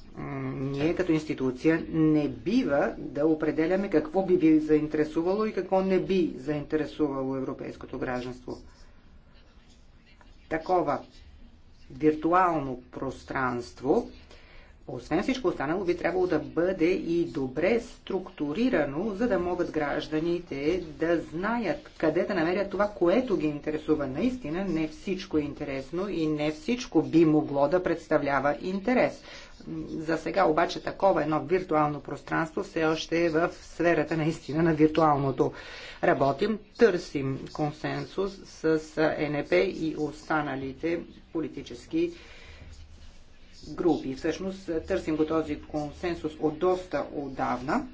[SPEAKER 4] ние като институция не бива да определяме какво би би заинтересувало и какво не би заинтересувало европейското гражданство такова виртуално пространство освен всичко останало, би трябвало да бъде и добре структурирано, за да могат гражданите да знаят къде да намерят това, което ги интересува. Наистина не всичко е интересно и не всичко би могло да представлява интерес. За сега обаче такова едно виртуално пространство все още е в сферата наистина на виртуалното. Работим, търсим консенсус с е НП и останалите политически партии групи. Всъщност е, търсим го този консенсус от доста отдавна.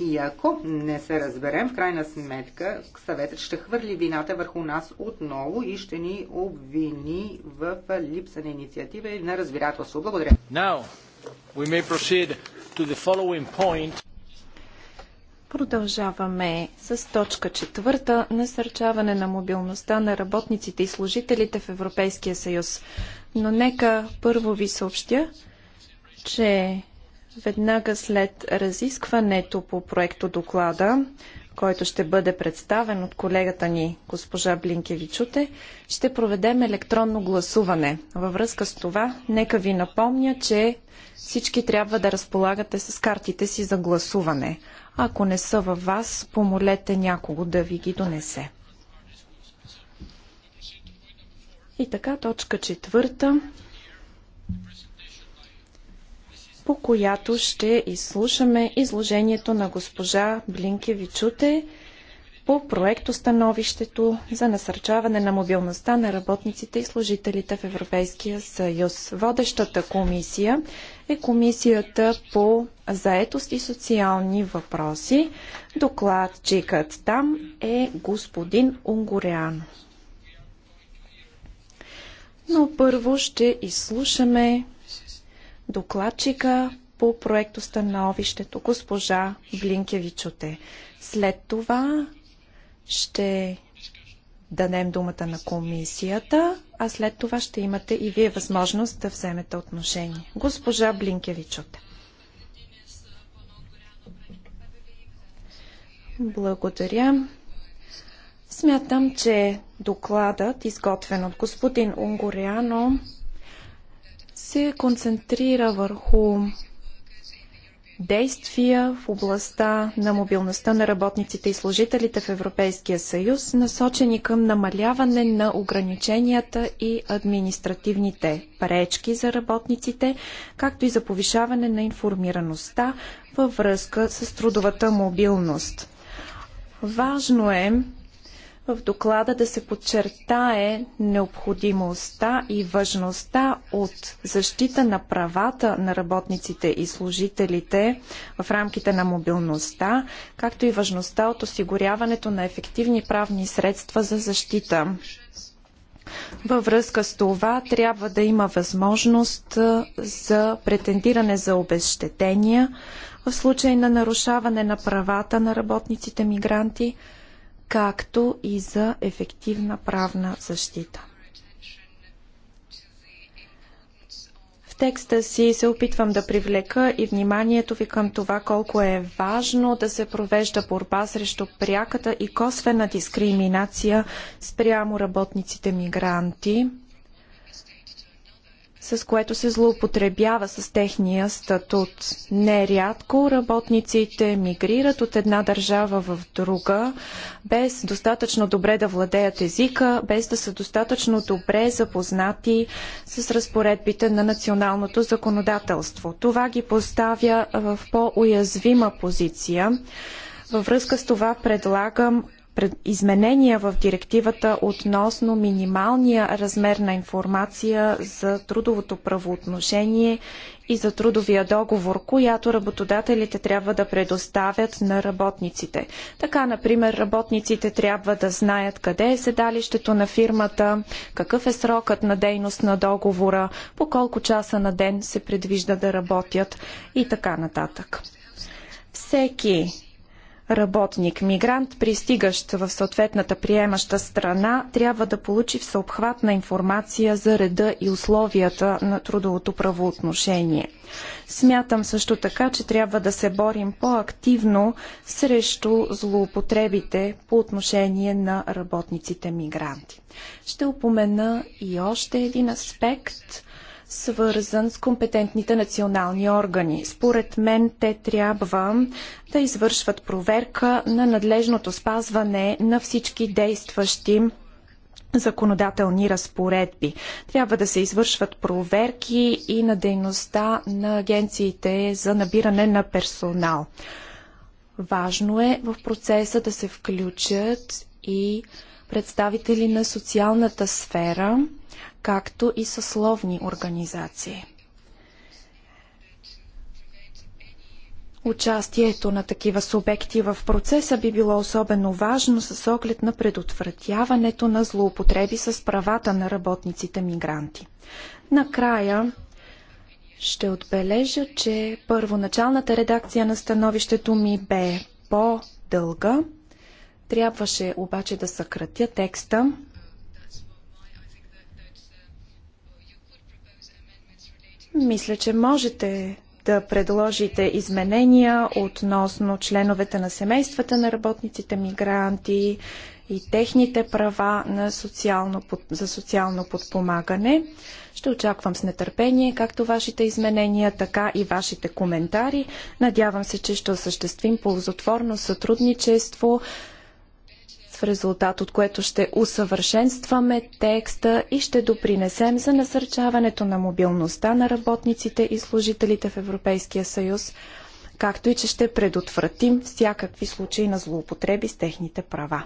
[SPEAKER 4] И ако не се разберем, в крайна сметка, съветът ще хвърли вината върху нас отново и ще ни обвини в
[SPEAKER 1] липса на инициатива и на разбирателство. Благодаря. Now, we may proceed to the following point.
[SPEAKER 2] Продължаваме с точка четвърта – насърчаване на мобилността на работниците и служителите в Европейския съюз. Но нека първо ви съобщя, че веднага след разискването по проекто доклада, който ще бъде представен от колегата ни госпожа Блинкевичуте, ще проведем електронно гласуване. Във връзка с това, нека ви напомня, че всички трябва да разполагате с картите си за гласуване. Ако не са във вас, помолете някого да ви ги донесе. И така, точка четвърта, по която ще изслушаме изложението на госпожа Блинкевичуте по проекто становището за насърчаване на мобилността на работниците и служителите в Европейския съюз. Водещата комисия е комисията по заетост и социални въпроси. Докладчикът там е господин Унгурян. Но първо ще изслушаме докладчика по проекто становището госпожа Блинкевичоте. След това ще дадем думата на комисията, а след това ще имате и вие възможност да вземете отношение. Госпожа Блинкевичоте. Благодаря. Смятам, че докладът, изготвен от господин Унгуряно, се концентрира върху действия в областта на мобилността на работниците и служителите в Европейския съюз, насочени към намаляване на ограниченията и административните пречки за работниците, както и за повишаване на информираността във връзка с трудовата мобилност. Важно е в доклада да се подчертае необходимостта и важността от защита на правата на работниците и служителите в рамките на мобилността, както и важността от осигуряването на ефективни правни средства за защита. Във връзка с това трябва да има възможност за претендиране за обещетения в случай на нарушаване на правата на работниците мигранти – както и за ефективна правна защита. В текста си се опитвам да привлека и вниманието ви към това колко е важно да се провежда борба срещу пряката и косвена дискриминация спрямо работниците мигранти с което се злоупотребява с техния статут. Нерядко работниците мигрират от една държава в друга, без достатъчно добре да владеят езика, без да са достатъчно добре запознати с разпоредбите на националното законодателство. Това ги поставя в по-уязвима позиция. Във връзка с това предлагам изменения в директивата относно минималния размер на информация за трудовото правоотношение и за трудовия договор, която работодателите трябва да предоставят на работниците. Така, например, работниците трябва да знаят къде е седалището на фирмата, какъв е срокът на дейност на договора, по колко часа на ден се предвижда да работят и така нататък. Всеки работник, мигрант, пристигащ в съответната приемаща страна, трябва да получи всеобхватна информация за реда и условията на трудовото правоотношение. Смятам също така, че трябва да се борим по-активно срещу злоупотребите по отношение на работниците мигранти. Ще упомена и още един аспект свързан с компетентните национални органи. Според мен те трябва да извършват проверка на надлежното спазване на всички действащи законодателни разпоредби. Трябва да се извършват проверки и на дейността на агенциите за набиране на персонал. Важно е в процеса да се включат и представители на социалната сфера, както и съсловни организации. Участието на такива субекти в процеса би било особено важно с оглед на предотвратяването на злоупотреби с правата на работниците мигранти. Накрая ще отбележа, че първоначалната редакция на становището ми бе по-дълга. Трябваше обаче да съкратя текста, Мисля, че можете да предложите изменения относно членовете на семействата на работниците мигранти и техните права на социално, за социално подпомагане. Ще очаквам с нетърпение както вашите изменения, така и вашите коментари. Надявам се, че ще осъществим ползотворно сътрудничество в резултат от което ще усъвършенстваме текста и ще допринесем за насърчаването на мобилността на работниците и служителите в Европейския съюз, както и че ще предотвратим всякакви случаи на злоупотреби с техните права.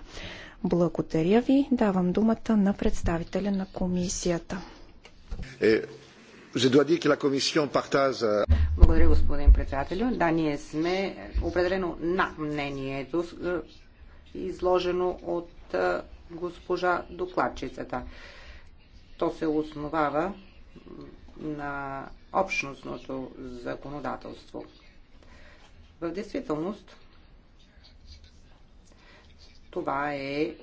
[SPEAKER 2] Благодаря ви. Давам думата на представителя на комисията.
[SPEAKER 1] Е, euh,
[SPEAKER 4] Благодаря, господин председател. Да, ние сме определено на мнението, е, изложено от госпожа докладчицата. То се основава на общностното законодателство. В действителност това е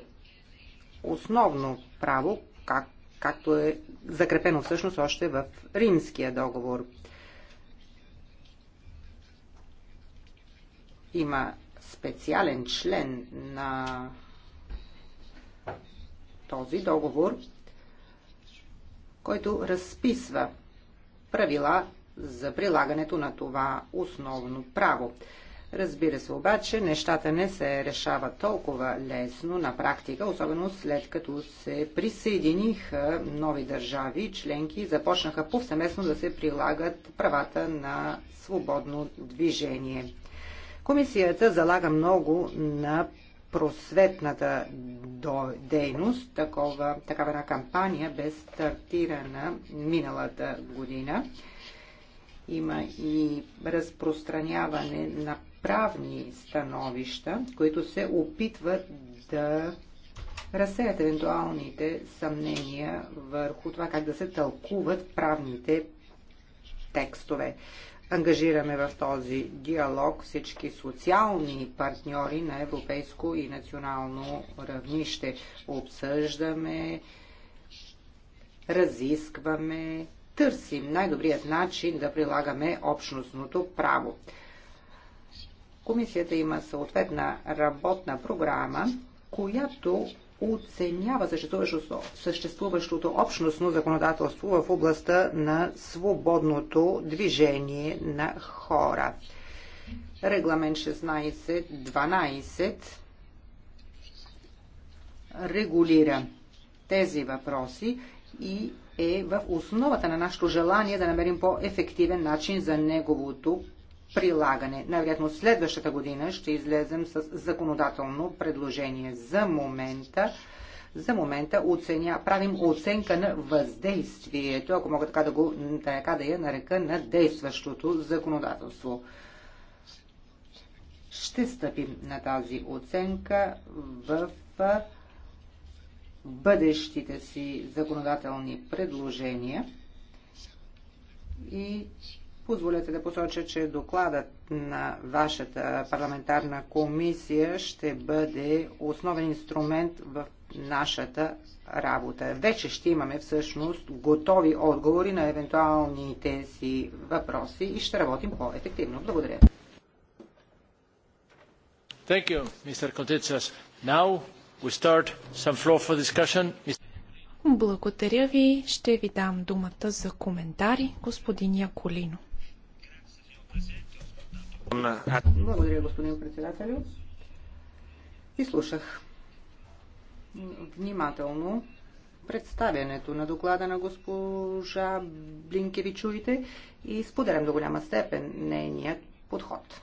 [SPEAKER 4] основно право, как, както е закрепено всъщност още в Римския договор. Има специален член на този договор, който разписва правила за прилагането на това основно право. Разбира се обаче, нещата не се решават толкова лесно на практика, особено след като се присъединиха нови държави, членки и започнаха повсеместно да се прилагат правата на свободно движение. Комисията залага много на просветната дейност. Такова, такава една кампания бе стартирана миналата година. Има и разпространяване на правни становища, които се опитват да разсеят евентуалните съмнения върху това как да се тълкуват правните текстове ангажираме в този диалог всички социални партньори на европейско и национално равнище. Обсъждаме, разискваме, търсим най-добрият начин да прилагаме общностното право. Комисията има съответна работна програма, която оценява съществуващото, съществуващото общностно законодателство в областта на свободното движение на хора. Регламент 1612 регулира тези въпроси и е в основата на нашето желание да намерим по-ефективен начин за неговото прилагане. Най-вероятно следващата година ще излезем с законодателно предложение. За момента за момента оценя, правим оценка на въздействието, ако мога така да, го, така да я нарека, на действащото законодателство. Ще стъпим на тази оценка в бъдещите си законодателни предложения и Позволете да посоча, че докладът на вашата парламентарна комисия ще бъде основен инструмент в нашата работа. Вече ще имаме всъщност готови отговори на евентуалните си въпроси и ще работим по-ефективно. Благодаря.
[SPEAKER 1] Thank you, Mr. Now we start some floor for discussion.
[SPEAKER 2] Благодаря ви. Ще ви дам думата за коментари, господин Яколино.
[SPEAKER 4] Благодаря, господин председателю. И слушах внимателно представянето на доклада на госпожа Блинкевичуите и споделям до голяма степен нейният подход.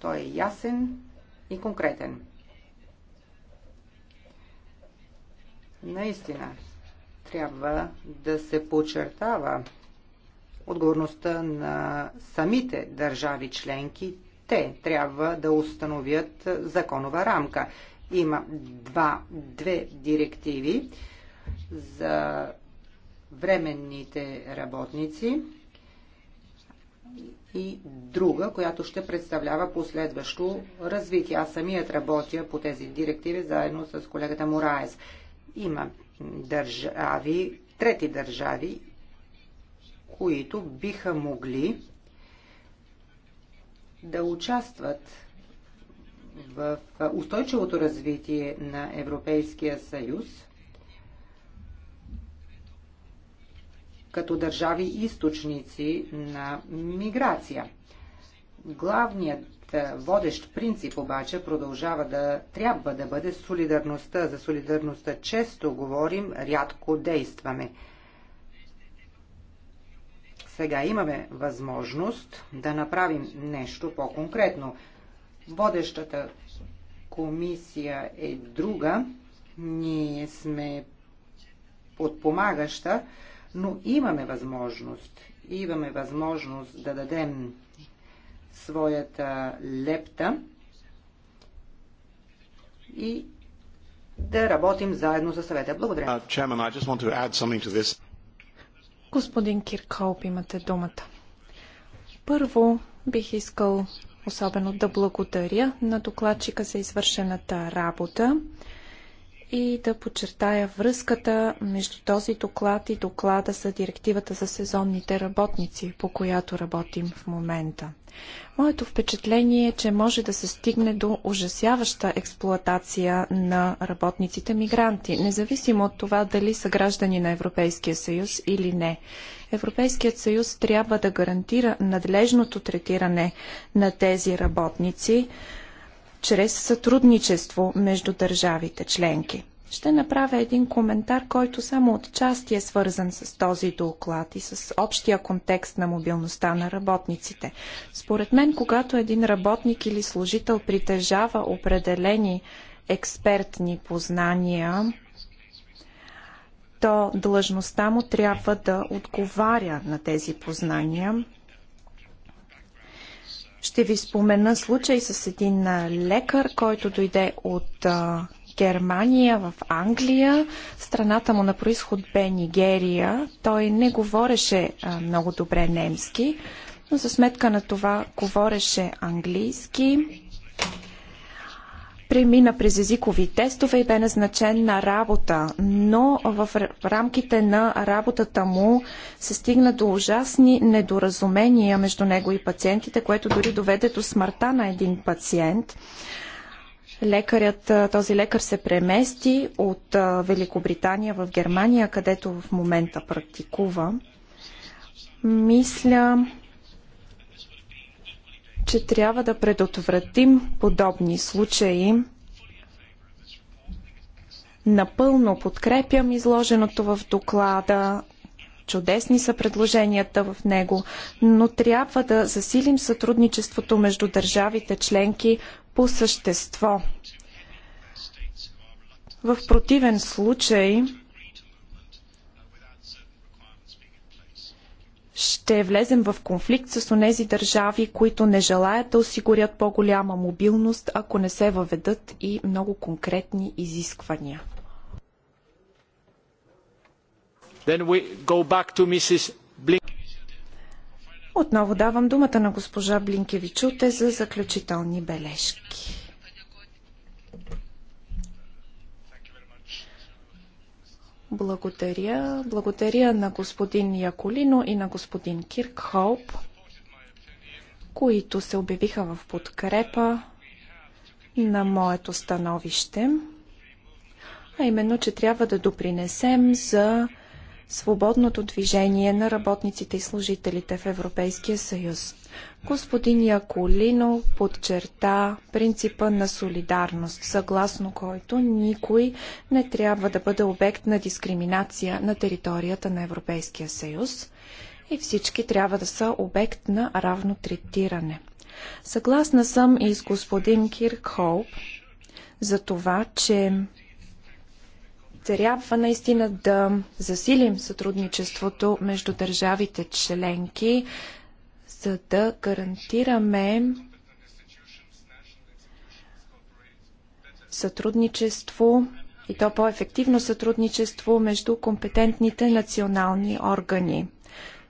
[SPEAKER 4] Той е ясен и конкретен. Наистина, трябва да се подчертава отговорността на самите държави членки. Те трябва да установят законова рамка. Има два, две директиви за временните работници и друга, която ще представлява последващо развитие. Аз самият работя по тези директиви заедно с колегата Мораес. Има държави, трети държави, които биха могли да участват в устойчивото развитие на Европейския съюз като държави източници на миграция. Главният е, водещ принцип обаче продължава да трябва да бъде солидарността. За солидарността често говорим, рядко действаме. Сега имаме възможност да направим нещо по-конкретно. Водещата комисия е друга, ние сме подпомагаща, но имаме възможност. Имаме възможност да дадем своята лепта и да работим заедно за съвета. Благодаря. Uh,
[SPEAKER 2] Господин Киркоп, имате думата. Първо бих искал особено да благодаря на докладчика за извършената работа и да подчертая връзката между този доклад и доклада за директивата за сезонните работници, по която работим в момента. Моето впечатление е, че може да се стигне до ужасяваща експлоатация на работниците мигранти, независимо от това дали са граждани на Европейския съюз или не. Европейският съюз трябва да гарантира надлежното третиране на тези работници, чрез сътрудничество между държавите членки. Ще направя един коментар, който само от части е свързан с този доклад и с общия контекст на мобилността на работниците. Според мен, когато един работник или служител притежава определени експертни познания, то длъжността му трябва да отговаря на тези познания ще ви спомена случай с един лекар, който дойде от Германия, в Англия. Страната му на происход бе Нигерия. Той не говореше много добре немски, но за сметка на това говореше английски премина през езикови тестове и бе назначен на работа, но в рамките на работата му се стигна до ужасни недоразумения между него и пациентите, което дори доведе до смъртта на един пациент. Лекарят, този лекар се премести от Великобритания в Германия, където в момента практикува. Мисля, че трябва да предотвратим подобни случаи. Напълно подкрепям изложеното в доклада. Чудесни са предложенията в него, но трябва да засилим сътрудничеството между държавите членки по същество. В противен случай ще влезем в конфликт с онези държави, които не желаят да осигурят по-голяма мобилност, ако не се въведат и много конкретни изисквания. Отново давам думата на госпожа Блинкевичуте за заключителни бележки. Благодаря. Благодаря на господин Яколино и на господин Кирк Хоуп, които се обявиха в подкрепа на моето становище, а именно, че трябва да допринесем за свободното движение на работниците и служителите в Европейския съюз. Господин Яколино подчерта принципа на солидарност, съгласно който никой не трябва да бъде обект на дискриминация на територията на Европейския съюз и всички трябва да са обект на равно третиране. Съгласна съм и с господин Кирк Холп за това, че трябва наистина да засилим сътрудничеството между държавите членки, за да гарантираме сътрудничество и то по-ефективно сътрудничество между компетентните национални органи.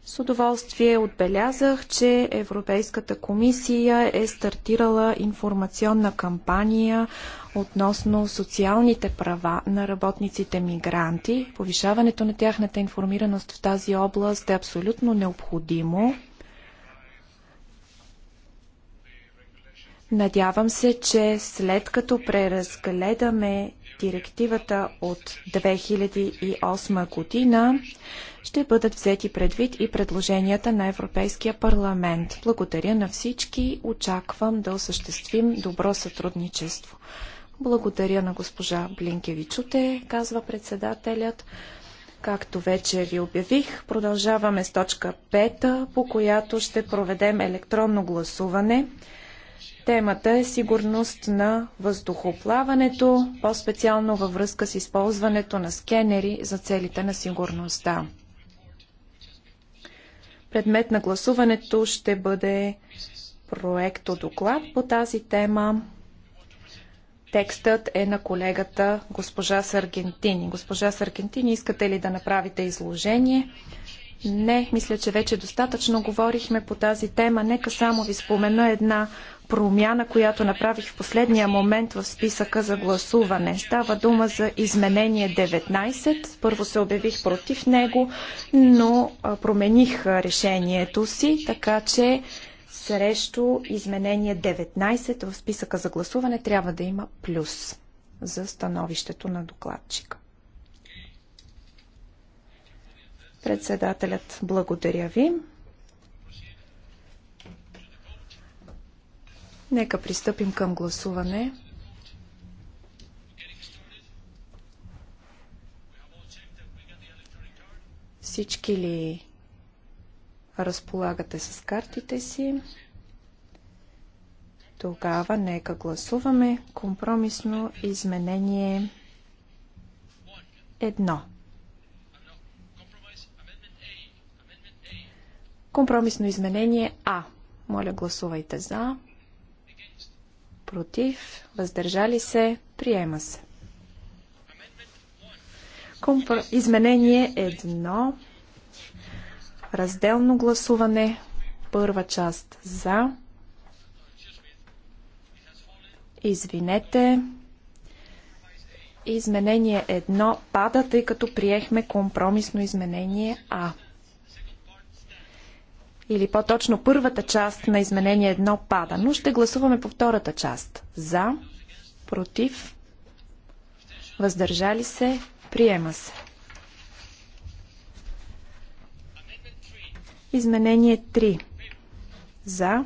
[SPEAKER 2] С удоволствие отбелязах, че Европейската комисия е стартирала информационна кампания относно социалните права на работниците мигранти. Повишаването на тяхната информираност в тази област е абсолютно необходимо. Надявам се, че след като преразгледаме директивата от 2008 година, ще бъдат взети предвид и предложенията на Европейския парламент. Благодаря на всички. Очаквам да осъществим добро сътрудничество. Благодаря на госпожа Блинкевичуте, казва председателят. Както вече ви обявих, продължаваме с точка 5, по която ще проведем електронно гласуване. Темата е сигурност на въздухоплаването, по-специално във връзка с използването на скенери за целите на сигурността. Предмет на гласуването ще бъде проекто доклад по тази тема. Текстът е на колегата госпожа Саргентини. Госпожа Саргентини, искате ли да направите изложение? Не, мисля, че вече достатъчно говорихме по тази тема. Нека само ви спомена една промяна, която направих в последния момент в списъка за гласуване. Става дума за изменение 19. Първо се обявих против него, но промених решението си, така че срещу изменение 19 в списъка за гласуване трябва да има плюс за становището на докладчика. Председателят, благодаря ви. Нека пристъпим към гласуване. Всички ли разполагате с картите си? Тогава нека гласуваме компромисно изменение 1. Компромисно изменение А. Моля, гласувайте за. Против. Въздържали се. Приема се. Компр... Изменение едно, Разделно гласуване. Първа част за. Извинете. Изменение едно пада, тъй като приехме компромисно изменение А или по-точно първата част на изменение едно пада, но ще гласуваме по втората част. За, против, въздържали се, приема се. Изменение 3. За,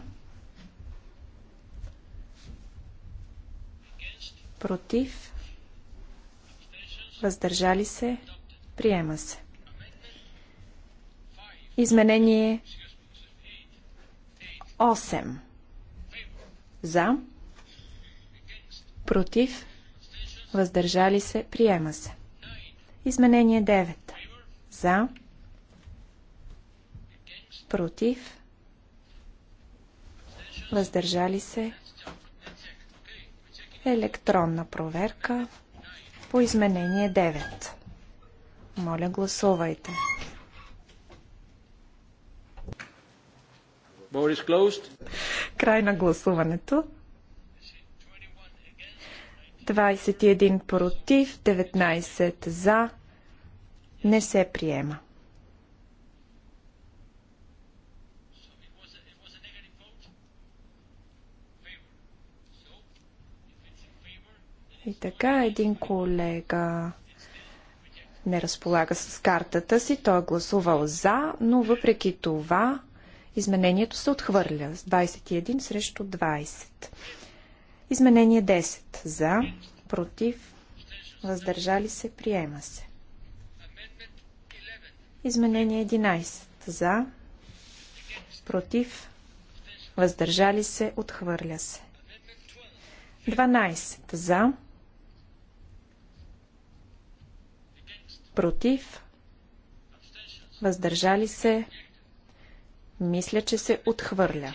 [SPEAKER 2] против, въздържали се, приема се. Изменение 8. За. Против. Въздържали се. Приема се. Изменение 9. За. Против. Въздържали се. Електронна проверка по изменение 9. Моля, гласувайте. Край на гласуването. 21 против, 19 за. Не се приема. И така, един колега не разполага с картата си, той е гласувал за, но въпреки това Изменението се отхвърля с 21 срещу 20. Изменение 10. За, против, въздържали се, приема се. Изменение 11. За, против, въздържали се, отхвърля се. 12. За, против, въздържали се, мисля, че се отхвърля.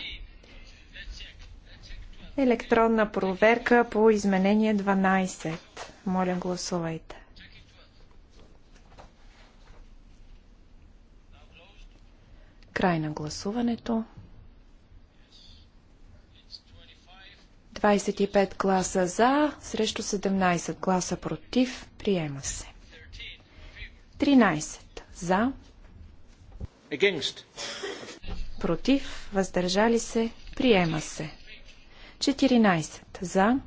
[SPEAKER 2] Електронна проверка по изменение 12. Моля, гласувайте. Край на гласуването. 25 гласа за, срещу 17 гласа против. Приема се. 13 за против, въздържали се, приема се. 14 за,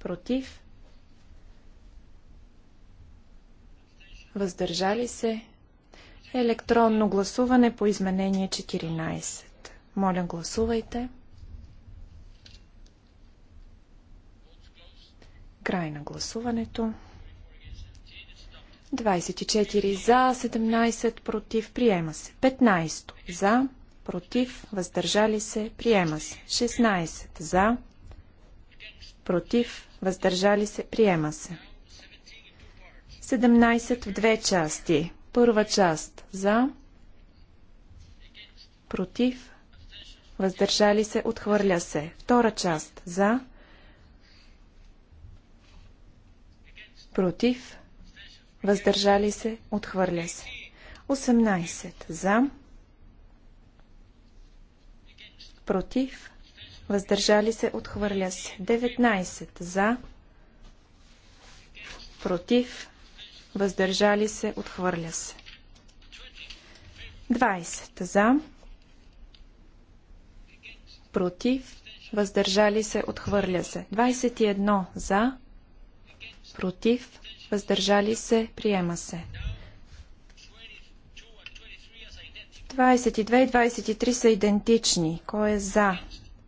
[SPEAKER 2] против, въздържали се, електронно гласуване по изменение 14. Моля, гласувайте. Край на гласуването. 24 за, 17 против, приема се. 15 за, против, въздържали се, приема се. 16 за, против, въздържали се, приема се. 17 в две части. Първа част за, против, въздържали се, отхвърля се. Втора част за, против, въздържали се, отхвърля се. 18 за, против, въздържали се, отхвърля се. 19 за, против, въздържали се, отхвърля се. 20 за, против, въздържали се, отхвърля се. 21 за, против, въздържали се, приема се. 22 и 23 са идентични. Кой е за?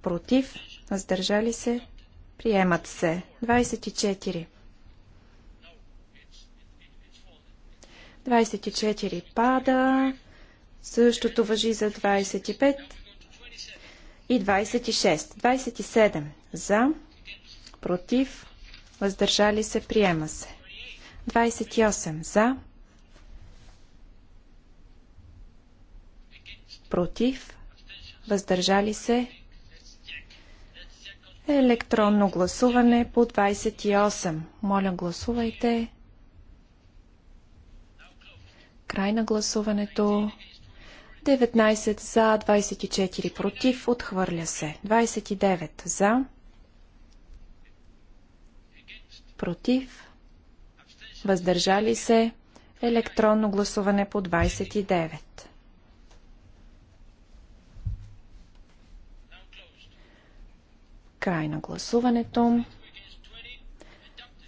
[SPEAKER 2] Против? Въздържали се? Приемат се. 24. 24 пада. Същото въжи за 25 и 26. 27 за, против, въздържали се, приема се. 28 за, против, въздържали се. Електронно гласуване по 28. Моля, гласувайте. Край на гласуването. 19 за, 24 против, отхвърля се. 29 за, против, въздържали се. Електронно гласуване по 29. Край на гласуването.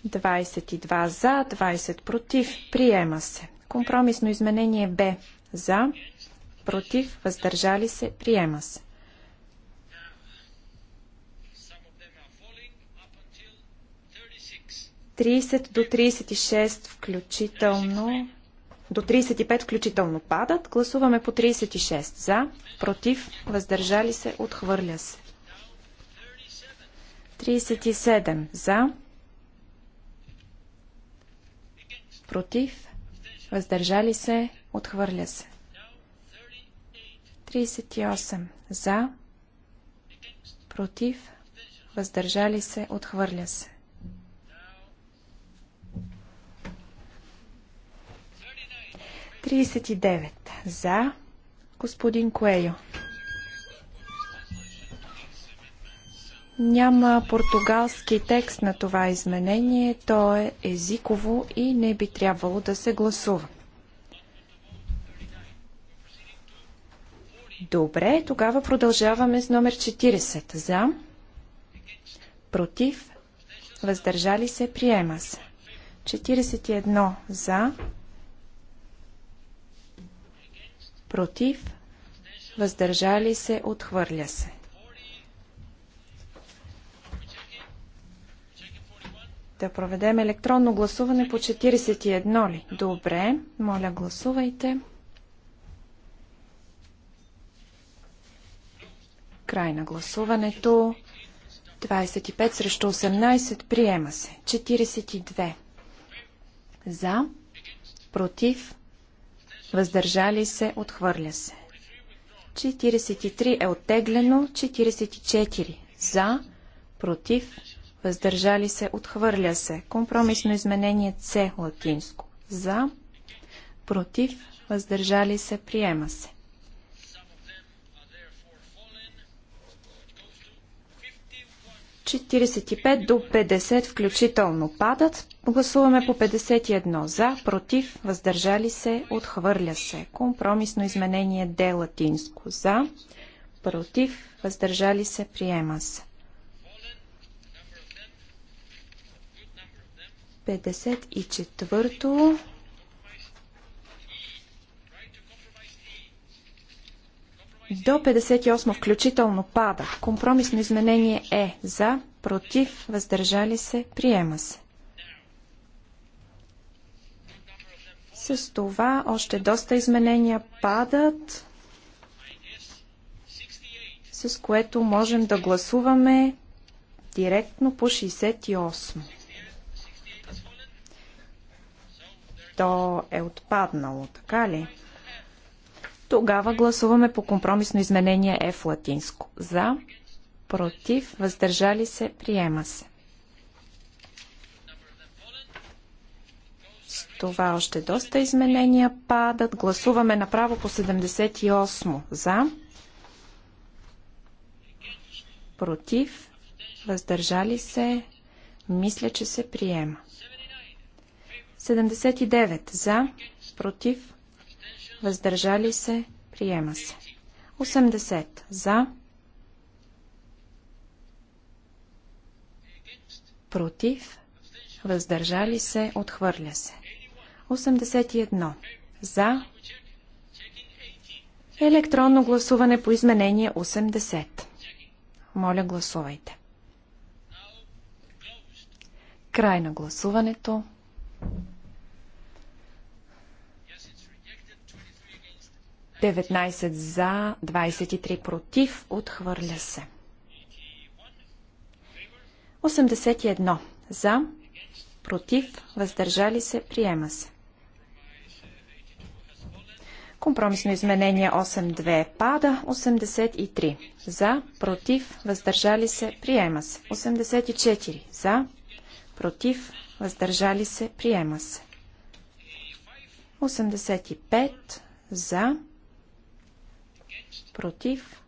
[SPEAKER 2] 22 за, 20 против. Приема се. Компромисно изменение Б. За, против, въздържали се, приема се. до 36 включително до 35 включително падат. Гласуваме по 36 за, против, въздържали се, отхвърля се. 37 за, против, въздържали се, отхвърля се. 38 за, против, въздържали се, отхвърля се. 39 за господин Куейо. Няма португалски текст на това изменение, то е езиково и не би трябвало да се гласува. Добре, тогава продължаваме с номер 40. За, против, въздържали се, приема се. 41 за, против, въздържали се, отхвърля се. Да проведем електронно гласуване по 41 ли? Добре, моля гласувайте. Край на гласуването. 25 срещу 18. Приема се. 42. За. Против. Въздържали се. Отхвърля се. 43 е оттеглено. 44. За. Против въздържали се, отхвърля се. Компромисно изменение С латинско. За, против, въздържали се, приема се. Четиридесет и пет до 50 включително падат. Гласуваме по 51 за, против, въздържали се, отхвърля се. Компромисно изменение Д латинско за, против, въздържали се, приема се. 54-то. До 58 включително пада. Компромисно изменение е за, против, въздържали се, приема се. С това още доста изменения падат, с което можем да гласуваме директно по 68. то е отпаднало, така ли? Тогава гласуваме по компромисно изменение F е латинско. За, против, въздържали се, приема се. С това още доста изменения падат. Гласуваме направо по 78. За, против, въздържали се, мисля, че се приема. 79 за, против, въздържали се, приема се. 80 за, против, въздържали се, отхвърля се. 81 за, електронно гласуване по изменение 80. Моля, гласувайте. Край на гласуването. 19 за, 23 против, отхвърля се. 81 за, против, въздържали се, приема се. Компромисно изменение 8.2 пада. 83. За, против, въздържали се, приема се. 84. За, против, въздържали се, приема се. 85. За, против,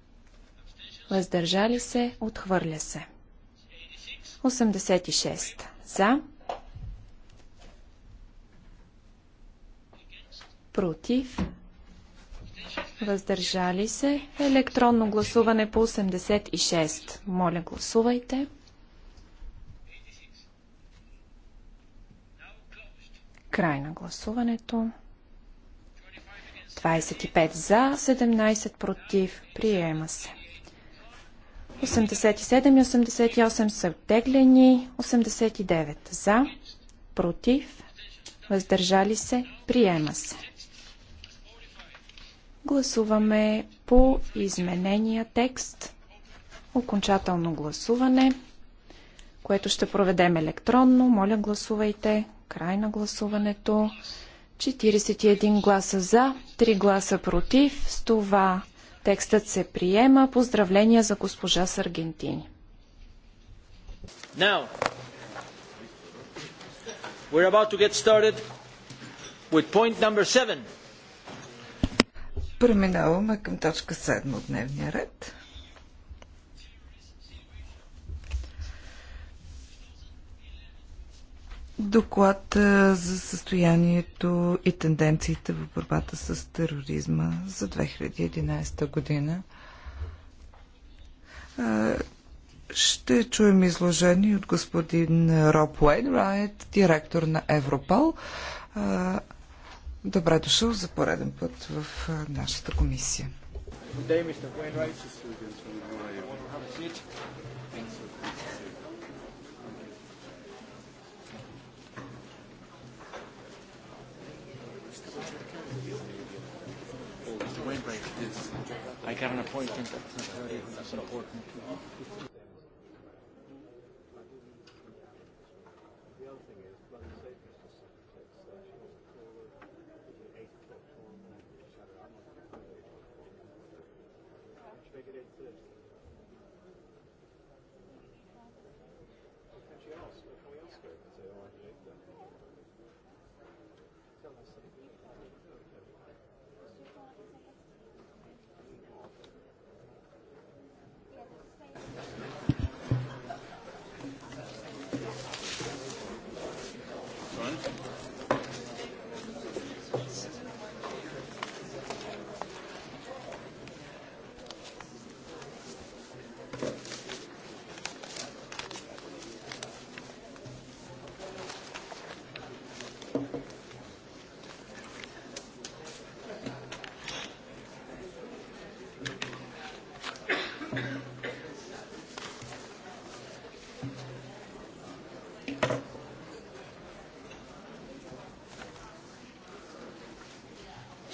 [SPEAKER 2] въздържали се, отхвърля се. 86 за, против, въздържали се, електронно гласуване по 86. Моля, гласувайте. Край на гласуването. 25 за, 17 против. Приема се. 87 и 88 са оттеглени. 89 за, против, въздържали се, приема се. Гласуваме по изменения текст. Окончателно гласуване, което ще проведем електронно. Моля, гласувайте. Край на гласуването. 41 гласа за, 3 гласа против. С това текстът се приема. Поздравления за госпожа Саргентини.
[SPEAKER 1] Now, we're about to get started with point number seven.
[SPEAKER 3] Преминаваме към точка 7 от дневния ред. Доклад за състоянието и тенденциите в борбата с тероризма за 2011 година. Ще чуем изложение от господин Роб Уейнрайт, директор на Европол. Добре дошъл за пореден път в нашата комисия.
[SPEAKER 1] Wainwright is. I have an appointment at 10.30 that's important.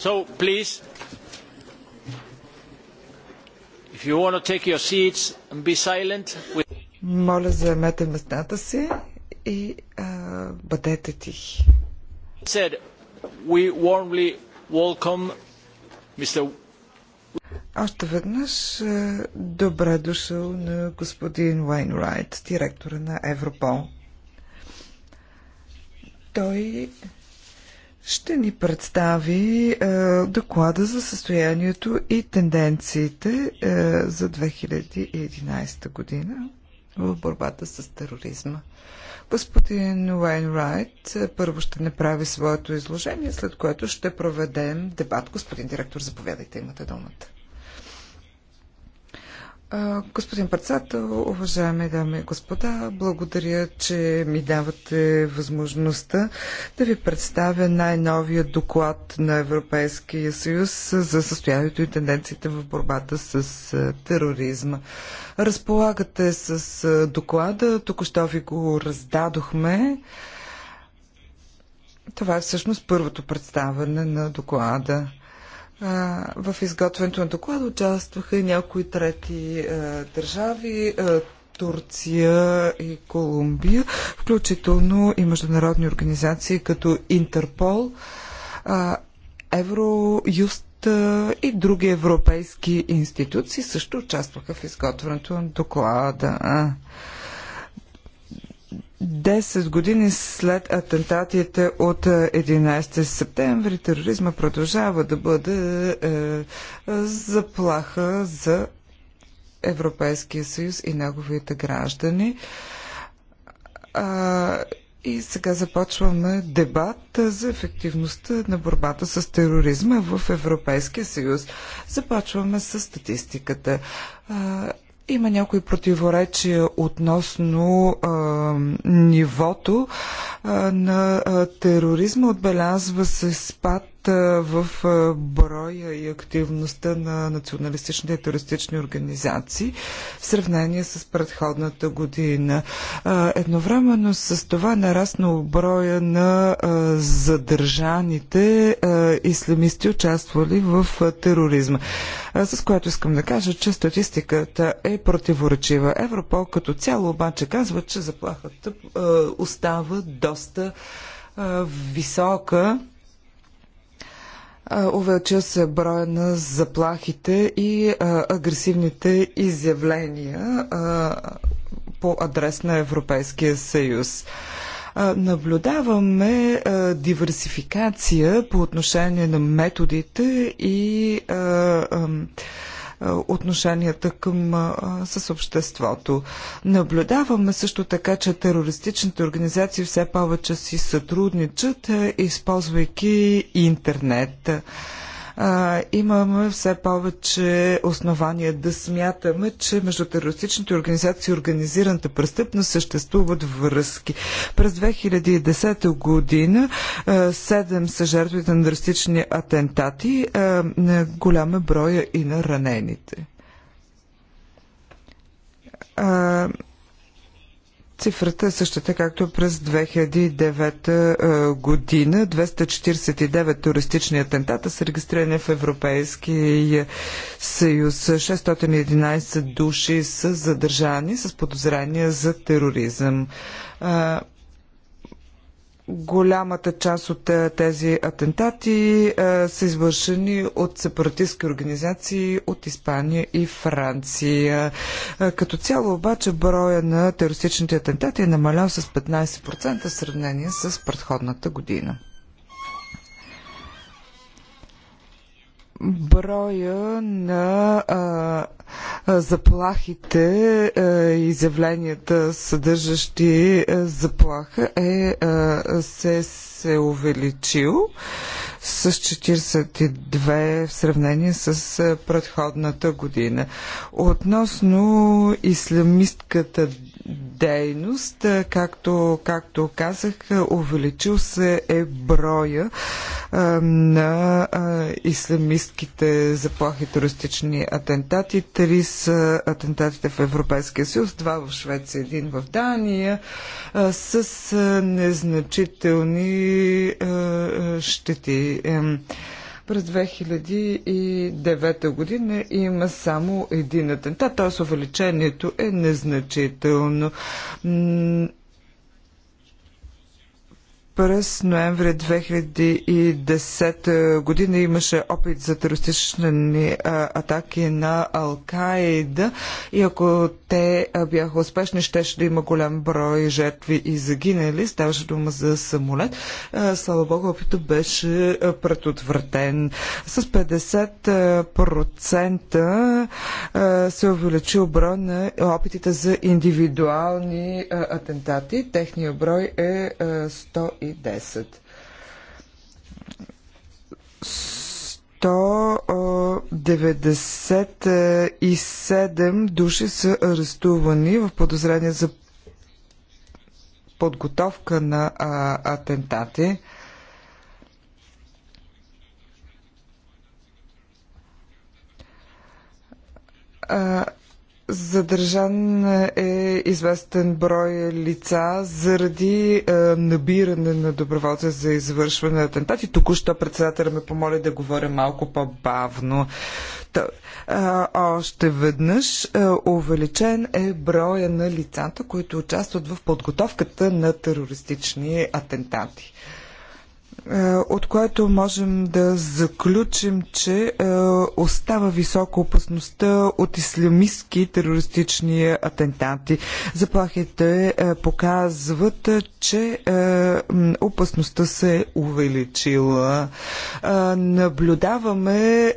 [SPEAKER 1] So, please, if you want to take your seats and be silent...
[SPEAKER 3] Моля, заемете местата си и а, бъдете тихи.
[SPEAKER 1] Said, we warmly welcome Mr.
[SPEAKER 3] Още веднъж добре дошъл на господин Уайнрайт, директора на Европол. Той ще ни представи е, доклада за състоянието и тенденциите е, за 2011 година в борбата с тероризма. Господин Уайн Райт е, първо ще направи своето изложение, след което ще проведем дебат. Господин директор, заповядайте, имате думата. Господин председател, уважаеми дами и господа, благодаря, че ми давате възможността да ви представя най-новия доклад на Европейския съюз за състоянието и тенденциите в борбата с тероризма. Разполагате с доклада, току-що ви го раздадохме. Това е всъщност първото представяне на доклада. В изготвянето на доклада участваха и някои трети държави, Турция и Колумбия, включително и международни организации като Интерпол, Евроюст и други европейски институции също участваха в изготвянето на доклада. 10 години след атентатите от 11 е, септември тероризма продължава да бъде е, е, заплаха за Европейския съюз и неговите граждани. А, и сега започваме дебат за ефективността на борбата с тероризма в Европейския съюз. Започваме с статистиката. А, има някои противоречия относно а, нивото а, на а, тероризма. Отбелязва се спад в броя и активността на националистичните туристични организации в сравнение с предходната година. Едновременно с това нарасна броя на задържаните ислямисти, участвали в тероризма. С което искам да кажа, че статистиката е противоречива. Европол като цяло обаче казва, че заплахата остава доста висока увеличил се броя на заплахите и агресивните изявления по адрес на Европейския съюз наблюдаваме а, диверсификация по отношение на методите и а, а, отношенията към с обществото. Наблюдаваме също така, че терористичните организации все повече си сътрудничат, използвайки интернет а, имаме все повече основания да смятаме, че между терористичните организации и организираната престъпност съществуват връзки. През 2010 година седем са жертвите на терористични атентати, а, голям е броя и на ранените. А, Цифрата е същата, както през 2009 е, година. 249 туристични атентата са регистрирани в Европейския съюз. 611 души са задържани с подозрения за тероризъм. Е, голямата част от е, тези атентати е, са извършени от сепаратистски организации от Испания и Франция. Е, като цяло обаче броя на терористичните атентати е намалял с 15% в сравнение с предходната година. броя на а, заплахите и изявленията, съдържащи заплаха, е, се, се увеличил с 42 в сравнение с предходната година. Относно исламистката дейност. Както, както казах, увеличил се е броя а, на а, исламистските заплахи туристични атентати. Три са атентатите в Европейския съюз, два в Швеция, един в Дания, а, с незначителни щети. А, през 2009 година има само един атентат, т.е. увеличението е незначително. През ноември 2010 година имаше опит за терористични атаки на Ал-Каида и ако те бяха успешни, щеше да има голям брой жертви и загинали. Ставаше дума за самолет. Слава Богу, опитът беше предотвратен. С 50% се увеличи брой на опитите за индивидуални атентати. Техният брой е 100 и 110. 197 души са арестувани в подозрение за подготовка на а, атентати. А, Задържан е известен брой лица заради е, набиране на доброволца за извършване на атентати. Току-що председателя ме помоли да говоря малко по-бавно. Е, още веднъж е, увеличен е броя на лицата, които участват в подготовката на терористични атентати. Е, от което можем да заключим, че е, остава висока опасността от ислямистски терористични атентати. Заплахите е, показват, че опасността се е увеличила. Наблюдаваме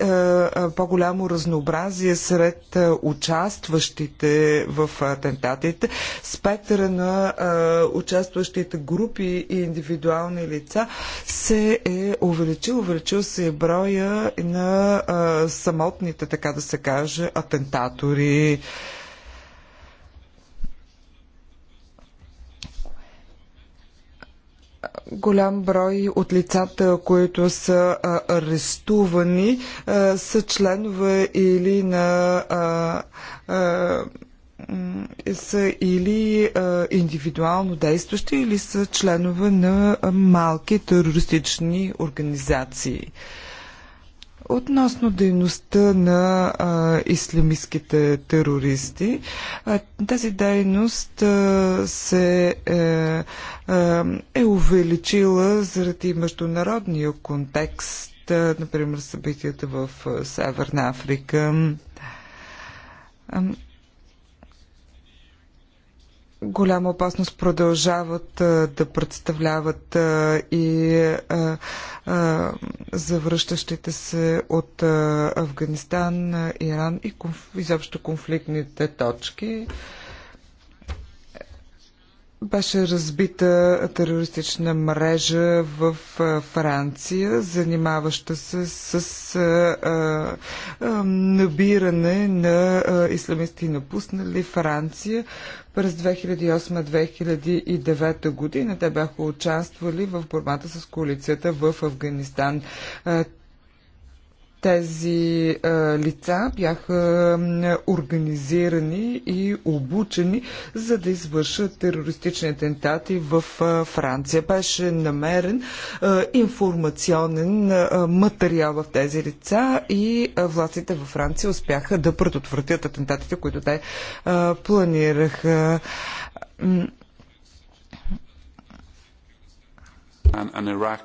[SPEAKER 3] по-голямо разнообразие сред участващите в атентатите. Спектъра на участващите групи и индивидуални лица се е увеличил. Увеличил се е броя на а, самотните, така да се каже, атентатори. голям брой от лицата, които са арестувани, са членове или на са или индивидуално действащи, или са членове на малки терористични организации. Относно дейността на а, ислямистските терористи, а, тази дейност а, се е, е увеличила заради международния контекст, а, например събитията в Северна Африка. А, голяма опасност продължават а, да представляват а, и а, а, завръщащите се от а, Афганистан, Иран и конф, изобщо конфликтните точки. А, беше разбита терористична мрежа в Франция, занимаваща се с а, а, набиране на исламисти напуснали Франция през 2008-2009 година. Те бяха участвали в борбата с коалицията в Афганистан. Тези а, лица бяха организирани и обучени, за да извършат терористични атентати в а, Франция. Беше намерен а, информационен а, материал в тези лица и а, властите във Франция успяха да предотвратят атентатите, които те планираха. And,
[SPEAKER 4] Iraq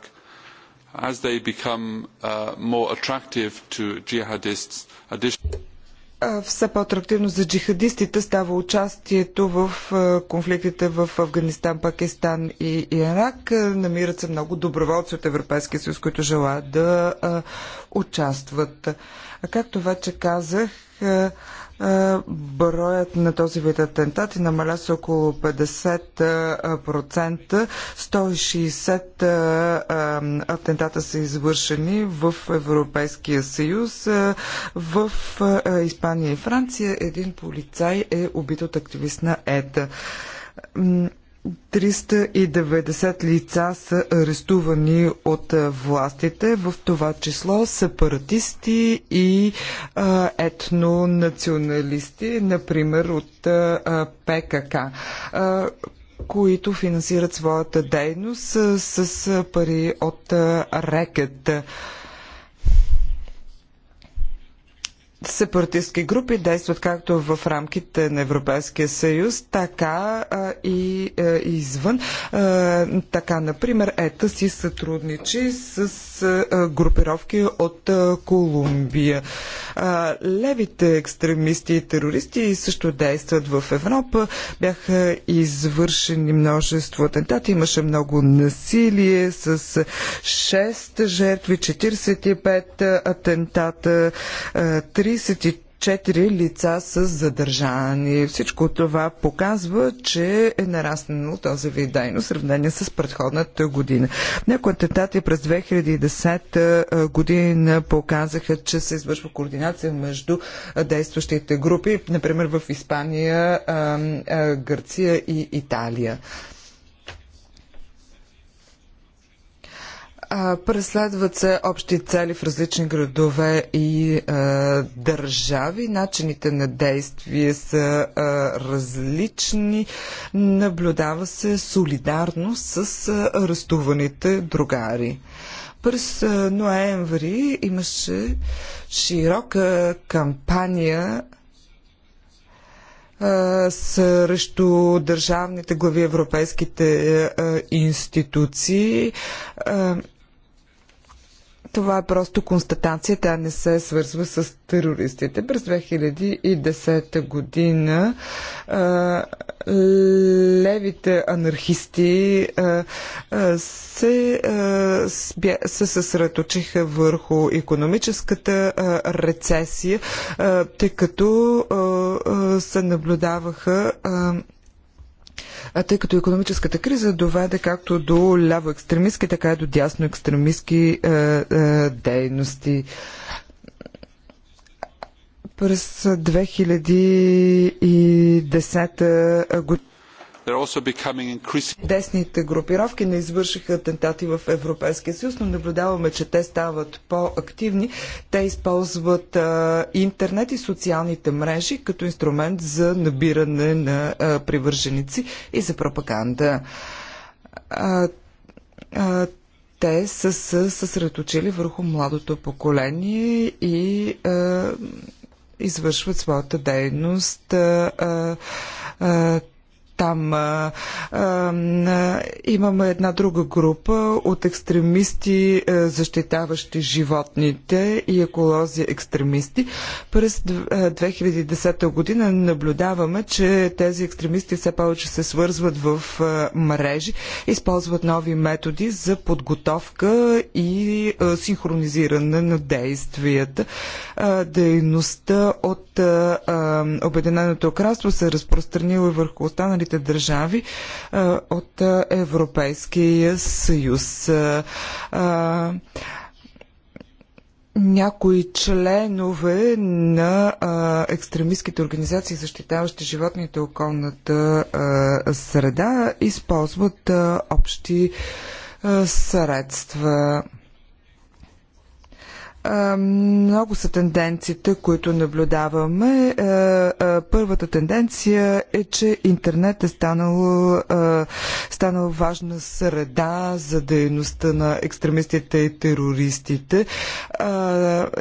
[SPEAKER 4] as they become uh, more attractive to jihadists, additional
[SPEAKER 3] все по-атрактивно за джихадистите става участието в конфликтите в Афганистан, Пакистан и Ирак. Намират се много доброволци от Европейския съюз, които желаят да участват. А както вече казах, Броят на този вид атентати е намаля с около 50%. 160 атентата са извършени в Европейския съюз. В Испания и Франция един полицай е убит от активист на ЕТА. 390 лица са арестувани от властите, в това число сепаратисти и а, етнонационалисти, например от а, ПКК. А, които финансират своята дейност с, с пари от рекет. сепаратистски групи действат както в рамките на Европейския съюз, така а, и а, извън. А, така, например, ЕТА си сътрудничи с групировки от Колумбия. Левите екстремисти и терористи също действат в Европа. Бяха извършени множество атентати. Имаше много насилие с 6 жертви, 45 атентата, 34 четири лица са задържани. Всичко това показва, че е нараснало този вид дейност в сравнение с предходната година. Някои атентати през 2010 година показаха, че се извършва координация между действащите групи, например в Испания, Гърция и Италия. преследват се общи цели в различни градове и а, държави. Начините на действие са а, различни. Наблюдава се солидарност с а, арестуваните другари. През ноември имаше широка кампания срещу държавните глави европейските институции. Това е просто констатация, тя не се свързва с терористите. През 2010 година а, левите анархисти а, а, се, а, се съсредоточиха върху економическата а, рецесия, а, тъй като а, а, се наблюдаваха а, тъй като економическата криза доведе както до ляво екстремистски, така и до дясно екстремистски е, е, дейности. През 2010 година Десните групировки не извършиха атентати в Европейския съюз, но наблюдаваме, че те стават по-активни. Те използват а, интернет и социалните мрежи като инструмент за набиране на а, привърженици и за пропаганда. А, а, те са се съсредоточили върху младото поколение и а, извършват своята дейност а, а, там. А, а, имаме една друга група от екстремисти, а, е, защитаващи животните и еколози екстремисти. През 2010 е, година наблюдаваме, че тези екстремисти все повече се свързват в а, е, мрежи, използват нови методи за подготовка и а, синхронизиране на действията. А, дейността от а, а, Обединеното кралство се разпространила върху останалите развитите държави от Европейския съюз някои членове на а, екстремистските организации, защитаващи животните и околната а, среда, използват а, общи а, средства. Много са тенденциите, които наблюдаваме. Първата тенденция е, че интернет е станал, станал важна среда за дейността на екстремистите и терористите.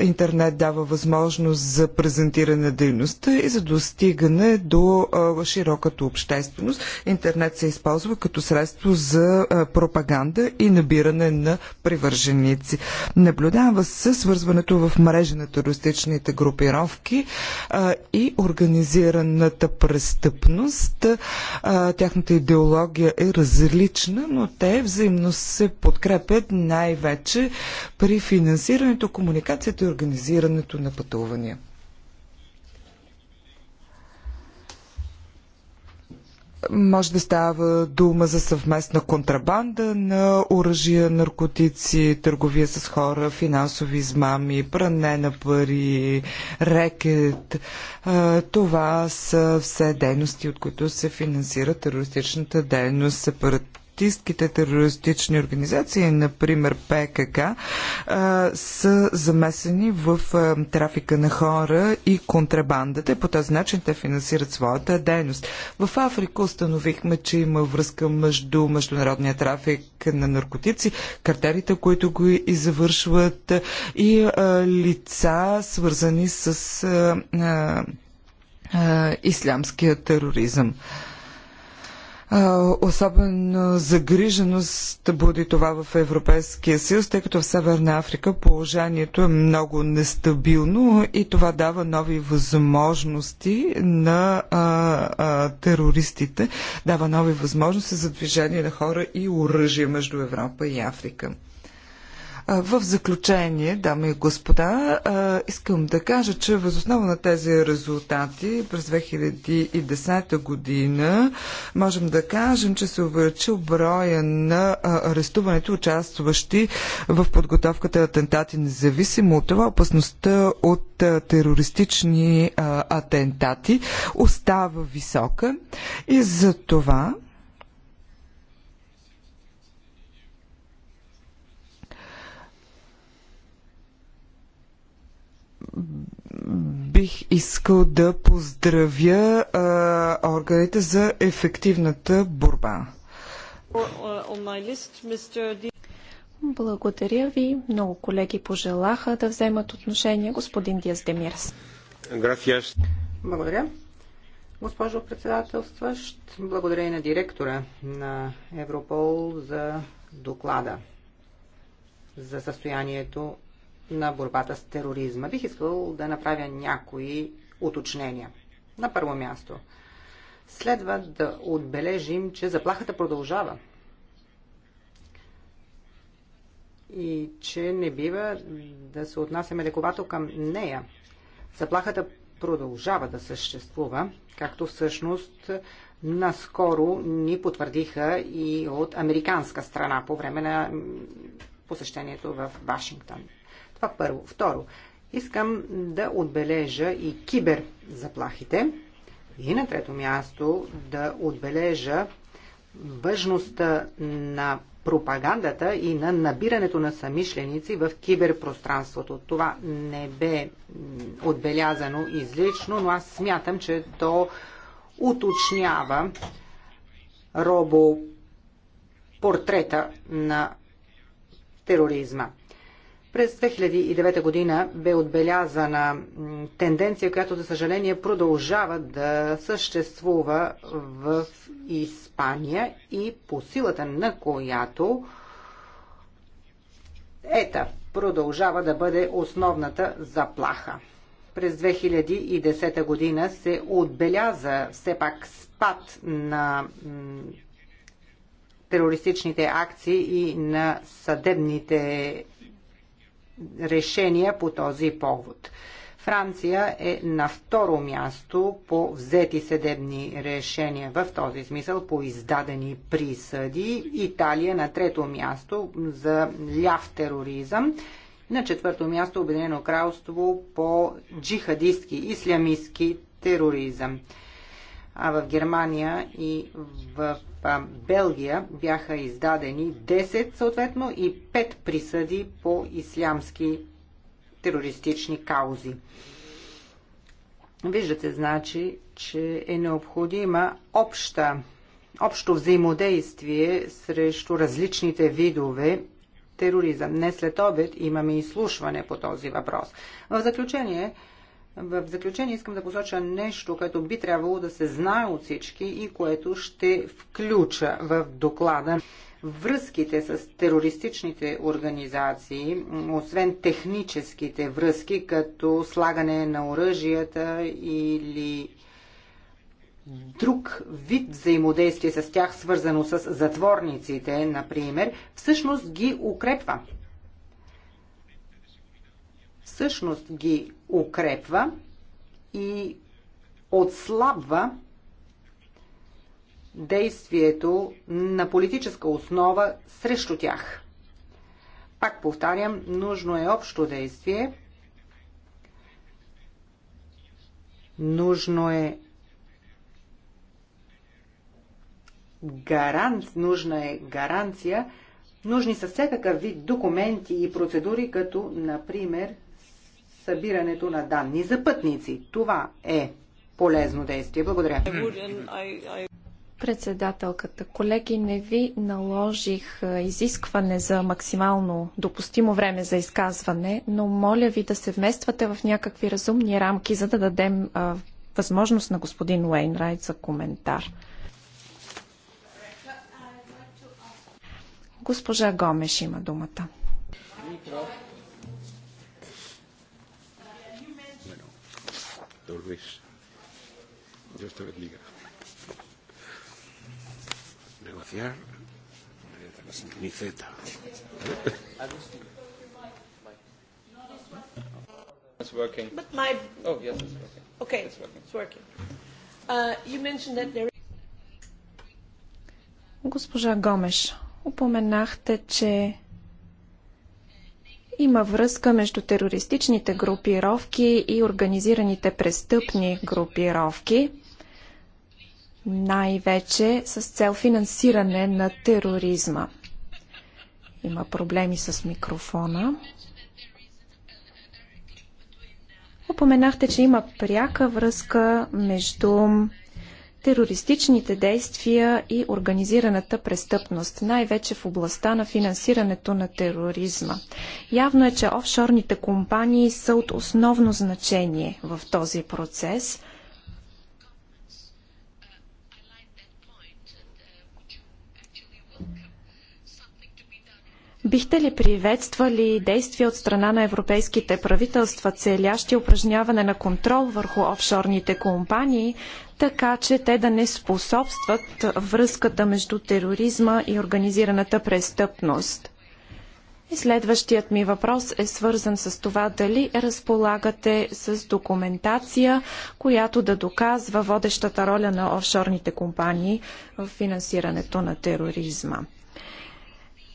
[SPEAKER 3] Интернет дава възможност за презентиране на дейността и за достигане до широката общественост. Интернет се използва като средство за пропаганда и набиране на привърженици. Наблюдава се свързването в мрежа на терористичните групировки а, и организираната престъпност. А, тяхната идеология е различна, но те взаимно се подкрепят най-вече при финансирането, комуникацията и организирането на пътувания. може да става дума за съвместна контрабанда на оръжия, наркотици, търговия с хора, финансови измами, пране на пари, рекет. Това са все дейности, от които се финансира терористичната дейност, сепарат сепаратистките терористични организации, например ПКК, са замесени в трафика на хора и контрабандата. По този начин те финансират своята дейност. В Африка установихме, че има връзка между международния трафик на наркотици, картерите, които го извършват, и лица, свързани с ислямския тероризъм. Особено загриженост буди това в Европейския съюз, тъй като в Северна Африка положението е много нестабилно и това дава нови възможности на а, а, терористите, дава нови възможности за движение на хора и оръжие между Европа и Африка. В заключение, дами и господа, искам да кажа, че възоснова на тези резултати през 2010 година можем да кажем, че се увеличил броя на арестуваните, участващи в подготовката на атентати, независимо от това опасността от терористични атентати остава висока и за това бих искал да поздравя а, органите за ефективната борба.
[SPEAKER 2] Благодаря ви. Много колеги пожелаха да вземат отношение. Господин Диас Демирс.
[SPEAKER 4] Благодаря. Госпожо председателстващ, благодаря и на директора на Европол за доклада за състоянието на борбата с тероризма. Бих искал да направя някои уточнения. На първо място, следва да отбележим, че заплахата продължава и че не бива да се отнасяме лековато към нея. Заплахата продължава да съществува, както всъщност наскоро ни потвърдиха и от американска страна по време на посещението в Вашингтон. Това първо. Второ, искам да отбележа и киберзаплахите. И на трето място да отбележа важността на пропагандата и на набирането на самишленици в киберпространството. Това не бе отбелязано излично, но аз смятам, че то уточнява портрета на тероризма. През 2009 година бе отбелязана тенденция, която за съжаление продължава да съществува в Испания и по силата на която ета продължава да бъде основната заплаха. През 2010 година се отбеляза все пак спад на терористичните акции и на съдебните решения по този повод. Франция е на второ място по взети съдебни решения в този смисъл, по издадени присъди. Италия на трето място за ляв тероризъм. На четвърто място Обединено кралство по джихадистски ислямистки тероризъм а в Германия и в Белгия бяха издадени 10 съответно и 5 присъди по ислямски терористични каузи. Виждате, значи, че е необходима обща, общо взаимодействие срещу различните видове тероризъм. Не след обед имаме изслушване по този въпрос. В заключение, в заключение искам да посоча нещо, което би трябвало да се знае от всички и което ще включа в доклада. Връзките с терористичните организации, освен техническите връзки, като слагане на оръжията или друг вид взаимодействие с тях, свързано с затворниците, например, всъщност ги укрепва. Всъщност ги укрепва и отслабва действието на политическа основа срещу тях. Пак повтарям, нужно е общо действие, нужно е гарант, нужна е гаранция, нужни са всякакъв вид документи и процедури, като, например, събирането на данни за пътници. Това е полезно действие. Благодаря.
[SPEAKER 2] Председателката, колеги, не ви наложих изискване за максимално допустимо време за изказване, но моля ви да се вмествате в някакви разумни рамки, за да дадем а, възможност на господин Уейнрайт за коментар. Госпожа Гомеш има думата.
[SPEAKER 1] Микро. Don Luis. Dios te bendiga. Negociar. Ni Z. It's working. But my.
[SPEAKER 2] Oh, yes, it's working. Okay, it's working. It's working. Uh, you mentioned that there Госпожа Гомеш, упоменахте, че има връзка между терористичните групировки и организираните престъпни групировки, най-вече с цел финансиране на тероризма. Има проблеми с микрофона. Упоменахте, че има пряка връзка между терористичните действия и организираната престъпност, най-вече в областта на финансирането на тероризма. Явно е, че офшорните компании са от основно значение в този процес. Бихте ли приветствали действия от страна на европейските правителства, целящи упражняване на контрол върху офшорните компании, така че те да не способстват връзката между тероризма и организираната престъпност. И следващият ми въпрос е свързан с това дали разполагате с документация, която да доказва водещата роля на офшорните компании в финансирането на тероризма.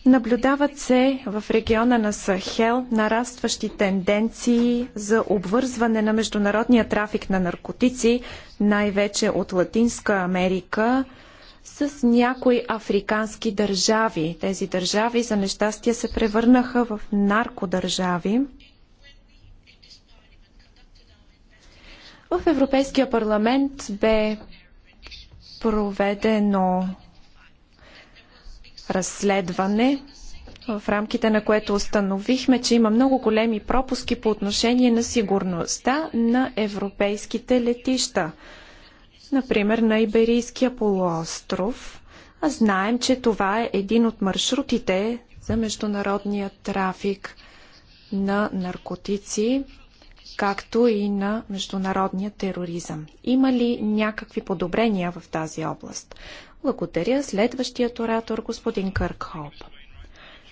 [SPEAKER 2] Наблюдават се в региона на Сахел нарастващи тенденции за обвързване на международния трафик на наркотици, най-вече от Латинска Америка, с някои африкански държави. Тези държави за нещастие се превърнаха в наркодържави. В Европейския парламент бе проведено разследване, в рамките на което установихме, че има много големи пропуски по отношение на сигурността на европейските летища. Например, на Иберийския полуостров. А знаем, че това е един от маршрутите за международния трафик на наркотици, както и на международния тероризъм. Има ли някакви подобрения в тази област? Благодаря. Следващият оратор, господин Кърк Хоп.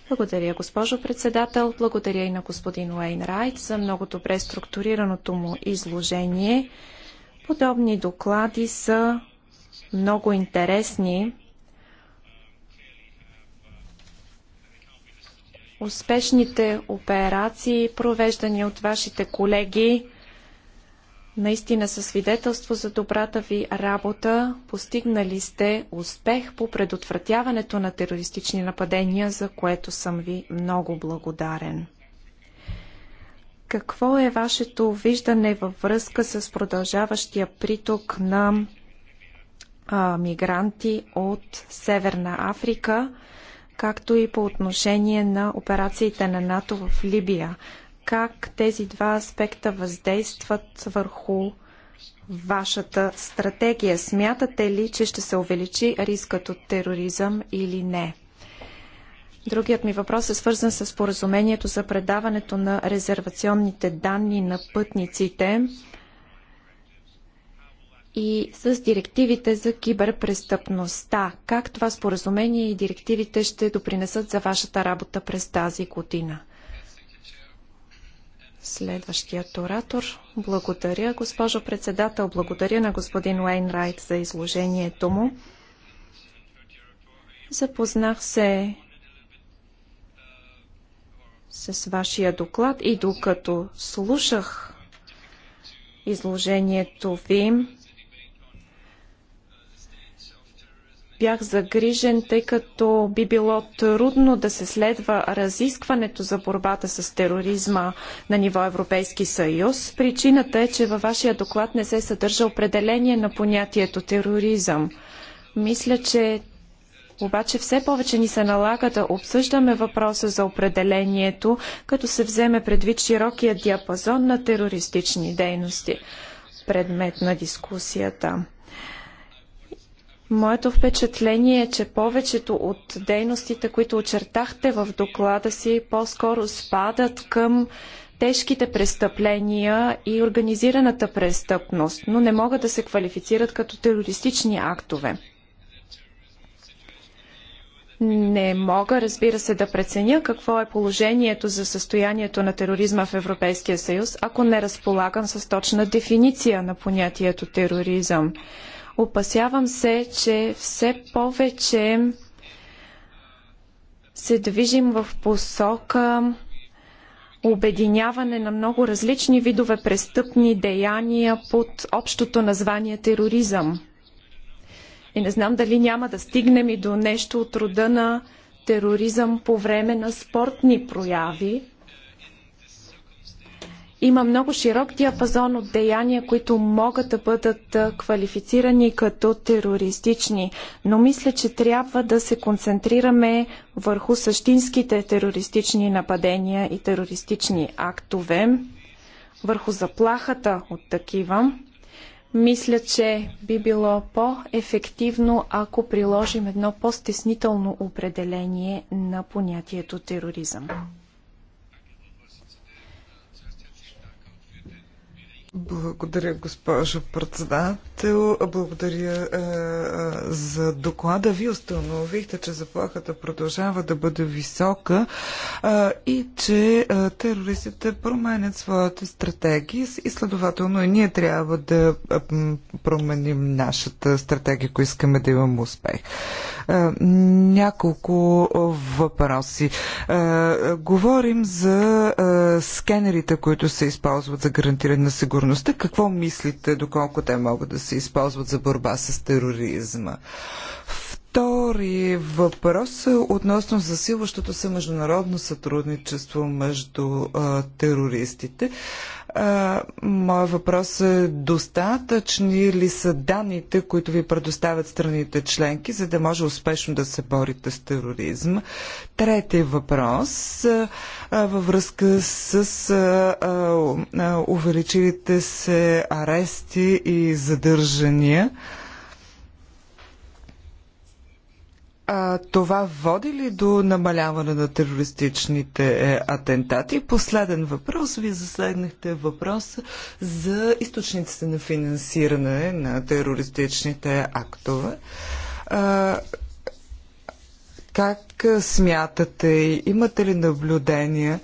[SPEAKER 2] Благодаря, госпожо председател. Благодаря и на господин Уейн Райт за много добре структурираното му изложение. Подобни доклади са много интересни. Успешните операции, провеждани от вашите колеги, наистина са свидетелство за добрата ви работа. Постигнали сте успех по предотвратяването на терористични нападения, за което съм ви много благодарен. Какво е вашето виждане във връзка с продължаващия приток на а, мигранти от Северна Африка, както и по отношение на операциите на НАТО в Либия? как тези два аспекта въздействат върху вашата стратегия? Смятате ли, че ще се увеличи рискът от тероризъм или не? Другият ми въпрос е свързан с споразумението за предаването на резервационните данни на пътниците и с директивите за киберпрестъпността. Как това споразумение и директивите ще допринесат за вашата работа през тази година? Следващият оратор. Благодаря, госпожо председател. Благодаря на господин Уейнрайт за изложението му. Запознах се с вашия доклад и докато слушах изложението ви, бях загрижен, тъй като би било трудно да се следва разискването за борбата с тероризма на ниво Европейски съюз. Причината е, че във вашия доклад не се съдържа определение на понятието тероризъм. Мисля, че обаче все повече ни се налага да обсъждаме въпроса за определението, като се вземе предвид широкия диапазон на терористични дейности предмет на дискусията. Моето впечатление е, че повечето от дейностите, които очертахте в доклада си, по-скоро спадат към тежките престъпления и организираната престъпност, но не могат да се квалифицират като терористични актове. Не мога, разбира се, да преценя какво е положението за състоянието на тероризма в Европейския съюз, ако не разполагам с точна дефиниция на понятието тероризъм. Опасявам се, че все повече се движим в посока обединяване на много различни видове престъпни деяния под общото название тероризъм. И не знам дали няма да стигнем и до нещо от рода на тероризъм по време на спортни прояви, има много широк диапазон от деяния, които могат да бъдат квалифицирани като терористични, но мисля, че трябва да се концентрираме върху същинските терористични нападения и терористични актове, върху заплахата от такива. Мисля, че би било по-ефективно, ако приложим едно по-стеснително определение на понятието тероризъм.
[SPEAKER 3] Благодаря, госпожо председател. Благодаря е, е, за доклада. Вие установихте, че заплахата продължава да бъде висока е, и че е, терористите променят своите стратегии и следователно и ние трябва да е, променим нашата стратегия, ако искаме да имаме успех. Е, няколко въпроси. е, е говорим за е, скенерите, които се използват за гарантиране на сигурност сигурността. Какво мислите, доколко те могат да се използват за борба с тероризма? Втори въпрос относно засилващото се международно сътрудничество между а, терористите. Моят въпрос е достатъчни ли са данните, които ви предоставят страните членки, за да може успешно да се борите с тероризма? Трети въпрос а, във връзка с а, увеличилите се арести и задържания. А, това води ли до намаляване на терористичните е, атентати? Последен въпрос. Вие засегнахте въпроса за източниците на финансиране на терористичните актове. А, как смятате, имате ли наблюдения?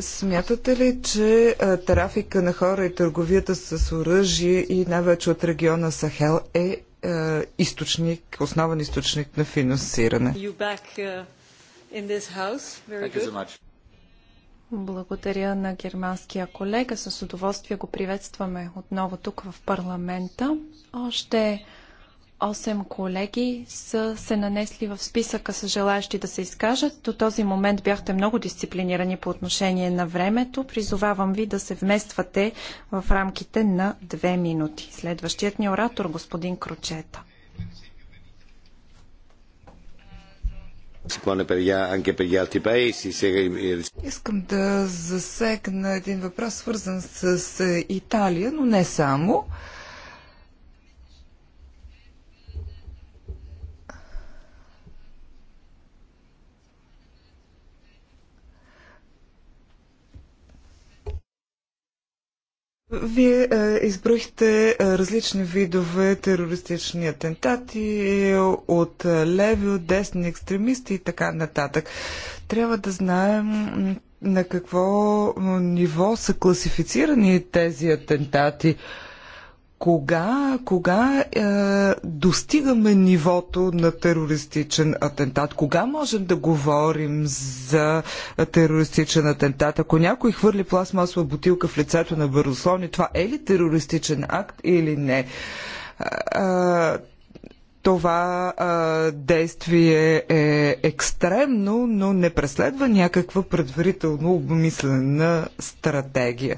[SPEAKER 3] Смятате ли, че трафика на хора и търговията с оръжие и най-вече от региона Сахел е е, източник, основен източник на финансиране. Е,
[SPEAKER 2] Благодаря на германския колега. С удоволствие го приветстваме отново тук в парламента. Още Осем колеги са се нанесли в списъка с желаящи да се изкажат. До този момент бяхте много дисциплинирани по отношение на времето. Призовавам ви да се вмествате в рамките на две минути. Следващият ни оратор, господин Крочета.
[SPEAKER 3] Искам да засегна един въпрос, свързан с Италия, но не само. Вие е, избрахте е, различни видове терористични атентати е, от е, леви, от десни екстремисти и така нататък. Трябва да знаем на какво ниво са класифицирани тези атентати. Е, кога, кога е, достигаме нивото на терористичен атентат? Кога можем да говорим за терористичен атентат? Ако някой хвърли пластмасова бутилка в лицето на Баруслони, това е ли терористичен акт или не? Е, е, това а, действие е екстремно, но не преследва някаква предварително обмислена стратегия.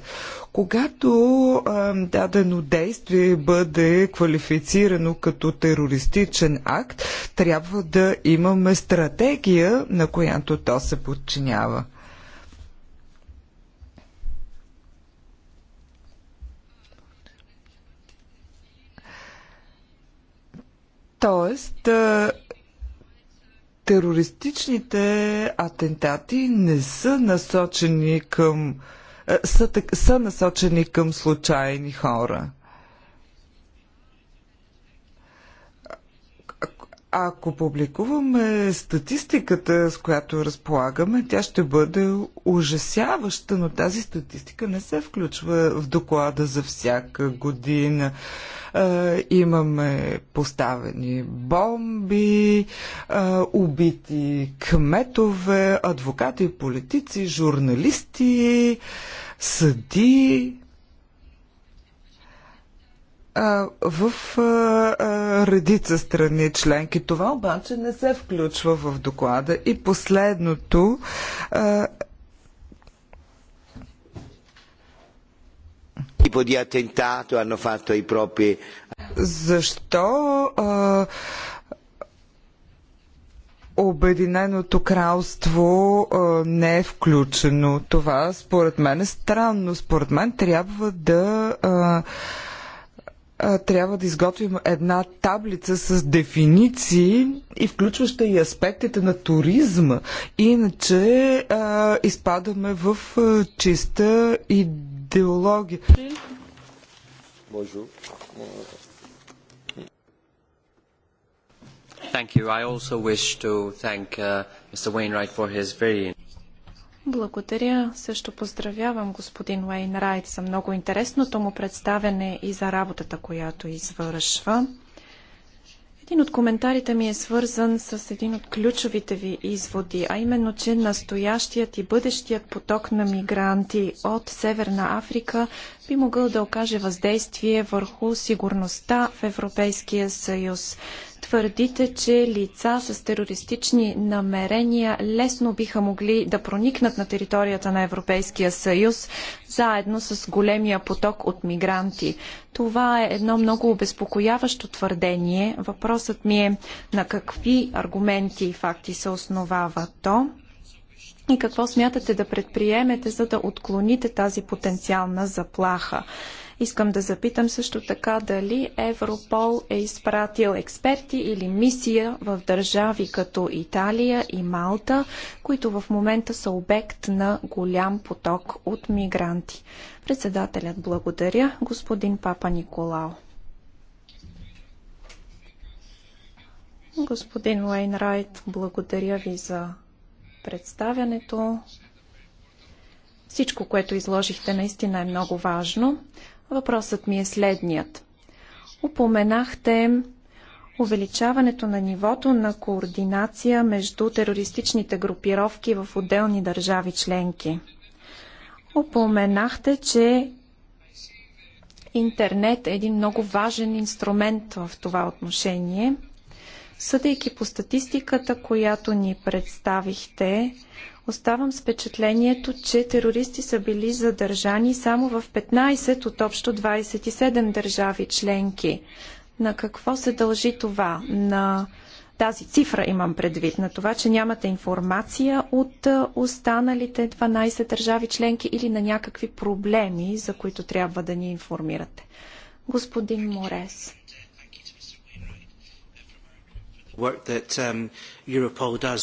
[SPEAKER 3] Когато а, дадено действие бъде квалифицирано като терористичен акт, трябва да имаме стратегия, на която то се подчинява. Тоест, терористичните атентати не са насочени към са, са насочени към случайни хора. Ако публикуваме статистиката, с която разполагаме, тя ще бъде ужасяваща, но тази статистика не се включва в доклада за всяка година. Е, имаме поставени бомби, е, убити кметове, адвокати, политици, журналисти, съди в редица страни членки. Това обаче не се включва в доклада. И последното tipo di attentato hanno fatto i propri. Защо а, Обединеното кралство а, не е включено? Това според мен е странно. Според мен трябва да. А, трябва да изготвим една таблица с дефиниции и включваща и аспектите на туризма. Иначе а, изпадаме в а, чиста идеология.
[SPEAKER 2] Thank you. I also wish to thank uh, Mr. Wainwright for his very благодаря. Също поздравявам господин Уейн Райт за много интересното му представене и за работата, която извършва. Един от коментарите ми е свързан с един от ключовите ви изводи, а именно, че настоящият и бъдещият поток на мигранти от Северна Африка би могъл да окаже въздействие върху сигурността в Европейския съюз. Твърдите, че лица с терористични намерения лесно биха могли да проникнат на територията на Европейския съюз, заедно с големия поток от мигранти. Това е едно много обезпокояващо твърдение. Въпросът ми е на какви аргументи и факти се основава то и какво смятате да предприемете, за да отклоните тази потенциална заплаха. Искам да запитам също така дали Европол е изпратил експерти или мисия в държави като Италия и Малта, които в момента са обект на голям поток от мигранти. Председателят благодаря, господин Папа Николао. Господин Уейнрайт, благодаря ви за представянето. Всичко, което изложихте, наистина е много важно. Въпросът ми е следният. Упоменахте увеличаването на нивото на координация между терористичните групировки в отделни държави членки. Упоменахте, че интернет е един много важен инструмент в това отношение. Съдейки по статистиката, която ни представихте, Оставам с впечатлението, че терористи са били задържани само в 15 от общо 27 държави членки. На какво се дължи това? На тази цифра имам предвид, на това, че нямате информация от е, останалите 12 държави членки или на някакви проблеми, за които трябва да ни информирате. Господин Морес
[SPEAKER 1] work that um, Europol does.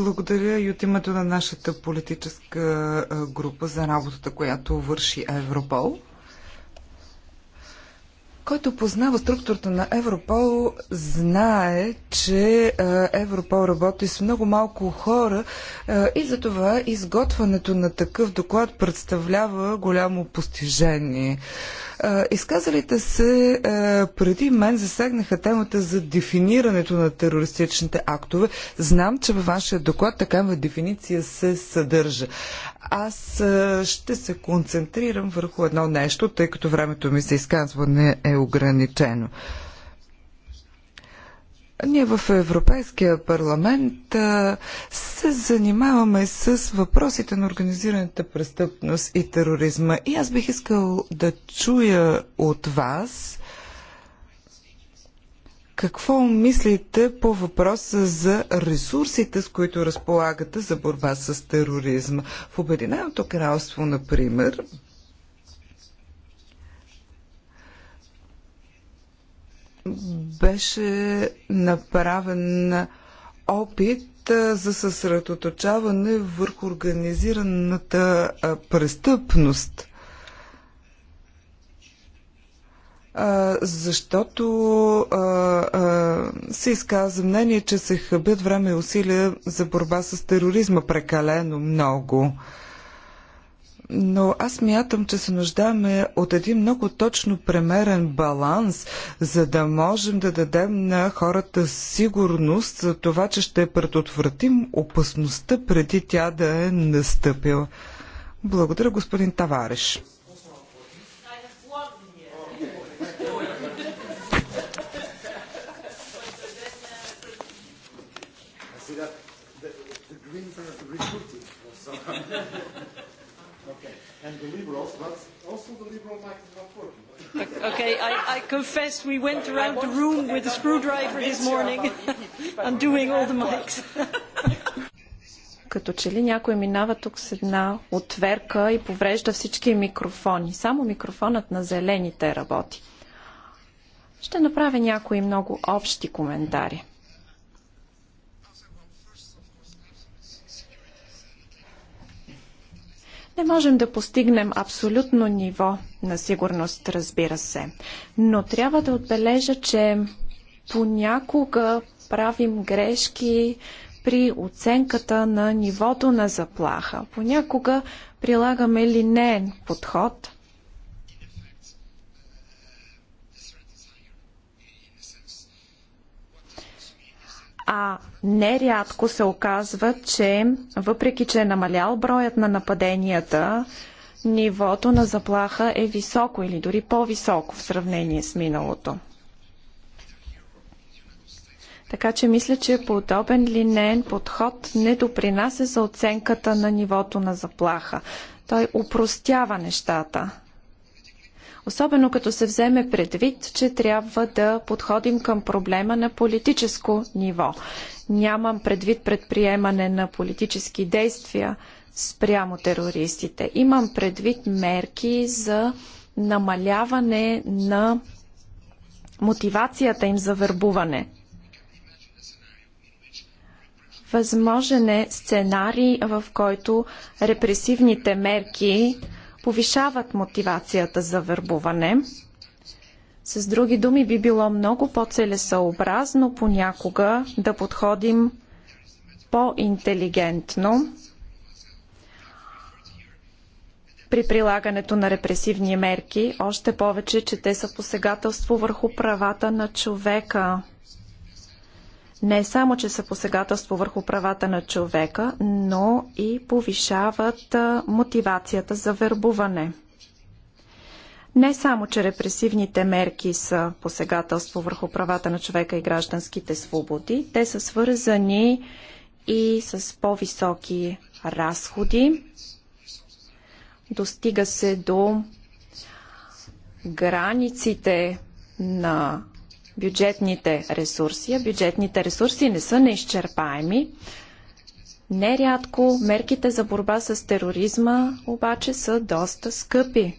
[SPEAKER 3] Благодаря и от името на нашата политическа група за работата, която върши Европол. Който познава структурата на Европол, знае, че е, Европол работи с много малко хора е, и затова изготвянето на такъв доклад представлява голямо постижение. Е, изказалите се преди мен засегнаха темата за дефинирането на терористичните актове. Знам, че във вашия доклад такава дефиниция се съдържа. Аз ще се концентрирам върху едно нещо, тъй като времето ми за изказване е ограничено. Ние в Европейския парламент а, се занимаваме с въпросите на организираната престъпност и тероризма. И аз бих искал да чуя от вас какво мислите по въпроса за ресурсите, с които разполагате за борба с тероризма? В Обединеното кралство, например, беше направен опит за съсредоточаване върху организираната престъпност. защото а, а, се изказа мнение, че се хъбят време и усилия за борба с тероризма прекалено много. Но аз мятам, че се нуждаме от един много точно премерен баланс, за да можем да дадем на хората сигурност за това, че ще предотвратим опасността преди тя да е настъпила. Благодаря, господин Тавариш.
[SPEAKER 1] And the liberals, but also the liberal mic is not working. okay, I, I confess we went around the room with a screwdriver this morning undoing all the mics.
[SPEAKER 2] Като че ли някой минава тук с една отверка и поврежда всички микрофони. Само микрофонът на зелените работи. Ще направя някои много общи коментари. Не можем да постигнем абсолютно ниво на сигурност, разбира се, но трябва да отбележа, че понякога правим грешки при оценката на нивото на заплаха. Понякога прилагаме линеен подход – а нерядко се оказва, че въпреки, че е намалял броят на нападенията, нивото на заплаха е високо или дори по-високо в сравнение с миналото. Така че мисля, че подобен линейен подход не допринася за оценката на нивото на заплаха. Той упростява нещата. Особено като се вземе предвид, че трябва да подходим към проблема на политическо ниво. Нямам предвид предприемане на политически действия спрямо терористите. Имам предвид мерки за намаляване на мотивацията им за вербуване възможен е сценарий, в който репресивните мерки повишават мотивацията за вербуване. С други думи, би било много по целесообразно понякога да подходим по-интелигентно при прилагането на репресивни мерки, още повече, че те са посегателство върху правата на човека не само, че са посегателство върху правата на човека, но и повишават мотивацията за вербуване. Не само, че репресивните мерки са посегателство върху правата на човека и гражданските свободи, те са свързани и с по-високи разходи. Достига се до границите на бюджетните ресурси, а бюджетните ресурси не са неизчерпаеми. Нерядко мерките за борба с тероризма обаче са доста скъпи.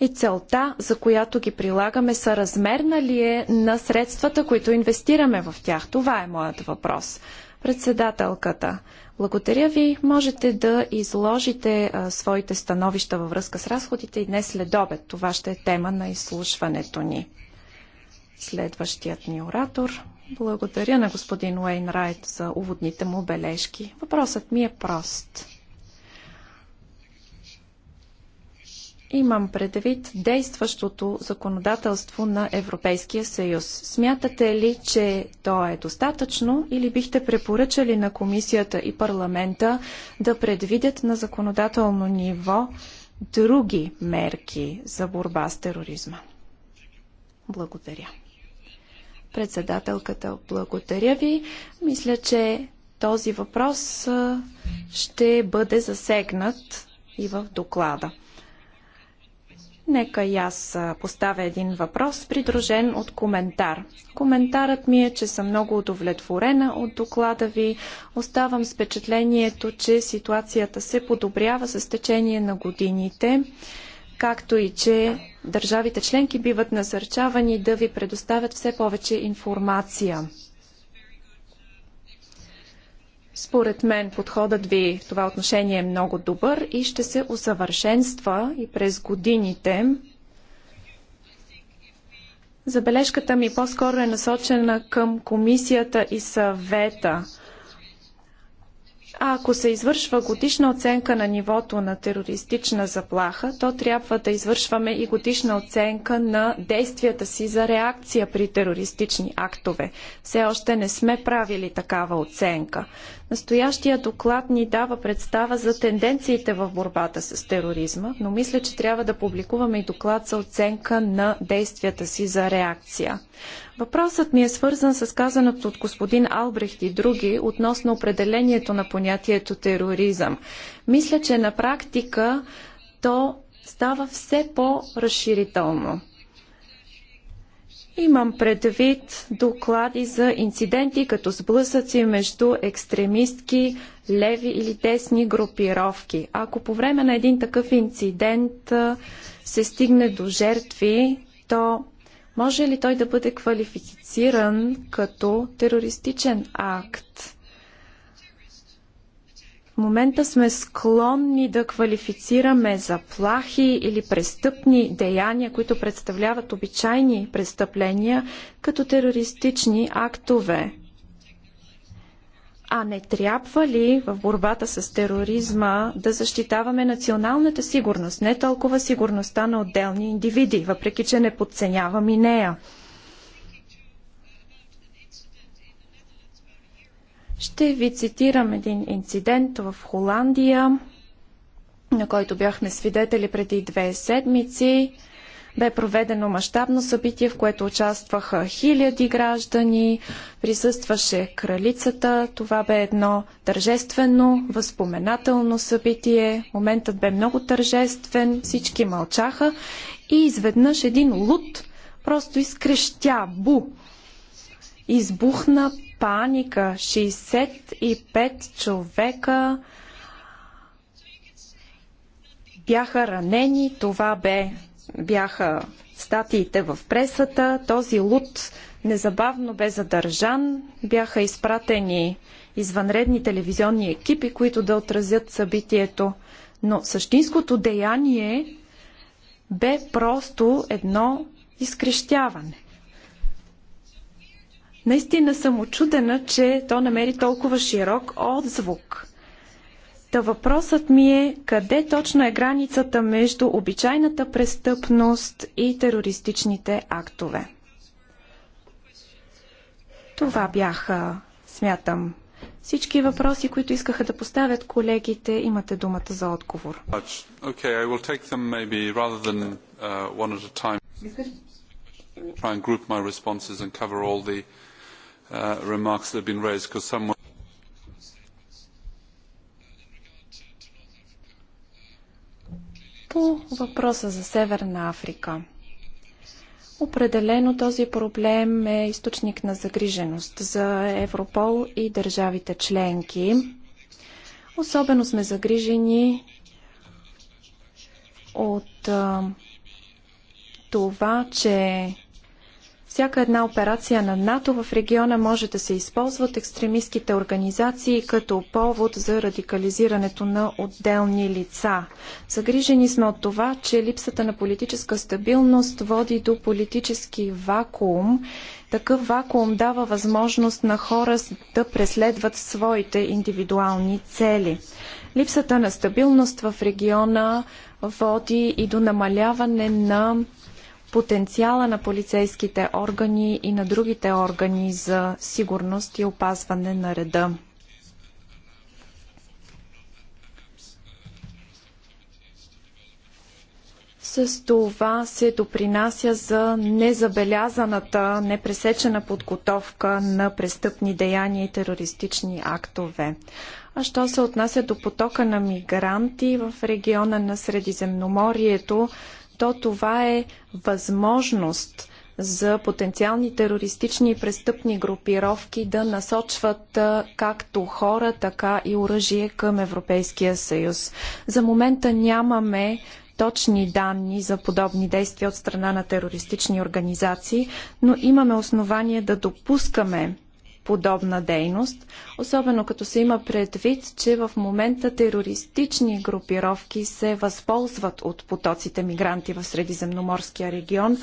[SPEAKER 2] И целта, за която ги прилагаме, съразмерна ли е на средствата, които инвестираме в тях? Това е моят въпрос. Председателката, благодаря ви. Можете да изложите а, своите становища във връзка с разходите и днес след обед. Това ще е тема на изслушването ни. Следващият ни оратор. Благодаря на господин Уейн Райт за уводните му бележки. Въпросът ми е прост. Имам предвид действащото законодателство на Европейския съюз. Смятате ли, че то е достатъчно или бихте препоръчали на комисията и парламента да предвидят на законодателно ниво други мерки за борба с тероризма? Благодаря. Председателката, благодаря ви. Мисля, че този въпрос ще бъде засегнат и в доклада. Нека и аз поставя един въпрос, придружен от коментар. Коментарът ми е, че съм много удовлетворена от доклада ви. Оставам с впечатлението, че ситуацията се подобрява с течение на годините както и че държавите членки биват насърчавани да ви предоставят все повече информация. Според мен подходът ви в това отношение е много добър и ще се усъвършенства и през годините. Забележката ми по-скоро е насочена към комисията и съвета. А ако се извършва годишна оценка на нивото на терористична заплаха, то трябва да извършваме и годишна оценка на действията си за реакция при терористични актове. Все още не сме правили такава оценка. Настоящия доклад ни дава представа за тенденциите в борбата с тероризма, но мисля, че трябва да публикуваме и доклад за оценка на действията си за реакция. Въпросът ми е свързан с казаното от господин Албрехт и други относно определението на понятието тероризъм. Мисля, че на практика то става все по-разширително. Имам предвид доклади за инциденти като сблъсъци между екстремистки, леви или десни групировки. Ако по време на един такъв инцидент се стигне до жертви, то може ли той да бъде квалифициран като терористичен акт? момента сме склонни да квалифицираме заплахи или престъпни деяния, които представляват обичайни престъпления, като терористични актове. А не трябва ли в борбата с тероризма да защитаваме националната сигурност, не толкова сигурността на отделни индивиди, въпреки че не подценявам и нея? Ще ви цитирам един инцидент в Холандия, на който бяхме свидетели преди две седмици. Бе проведено мащабно събитие, в което участваха хиляди граждани, присъстваше кралицата. Това бе едно тържествено, възпоменателно събитие. Моментът бе много тържествен, всички мълчаха и изведнъж един луд просто изкрещя бу. Избухна паника. 65 човека бяха ранени. Това бе, бяха статиите в пресата. Този луд незабавно бе задържан. Бяха изпратени извънредни телевизионни екипи, които да отразят събитието. Но същинското деяние бе просто едно изкрещяване. Наистина съм очудена, че то намери толкова широк отзвук. Та въпросът ми е къде точно е границата между обичайната престъпност и терористичните актове. Това бяха, смятам, всички въпроси, които искаха да поставят колегите, имате думата за отговор.
[SPEAKER 4] Okay, Uh, remarks that have been raised because someone
[SPEAKER 2] По въпроса за Северна Африка. Определено този проблем е източник на загриженост за Европол и държавите членки. Особено сме загрижени от това, че всяка една операция на НАТО в региона може да се използва от екстремистските организации като повод за радикализирането на отделни лица. Загрижени сме от това, че липсата на политическа стабилност води до политически вакуум. Такъв вакуум дава възможност на хора да преследват своите индивидуални цели. Липсата на стабилност в региона води и до намаляване на потенциала на полицейските органи и на другите органи за сигурност и опазване на реда. С това се допринася за незабелязаната, непресечена подготовка на престъпни деяния и терористични актове. А що се отнася до потока на мигранти в региона на Средиземноморието, то това е възможност за потенциални терористични и престъпни групировки да насочват както хора, така и оръжие към Европейския съюз. За момента нямаме точни данни за подобни действия от страна на терористични организации, но имаме основание да допускаме подобна дейност, особено като се има предвид, че в момента терористични групировки се възползват от потоците мигранти в Средиземноморския регион,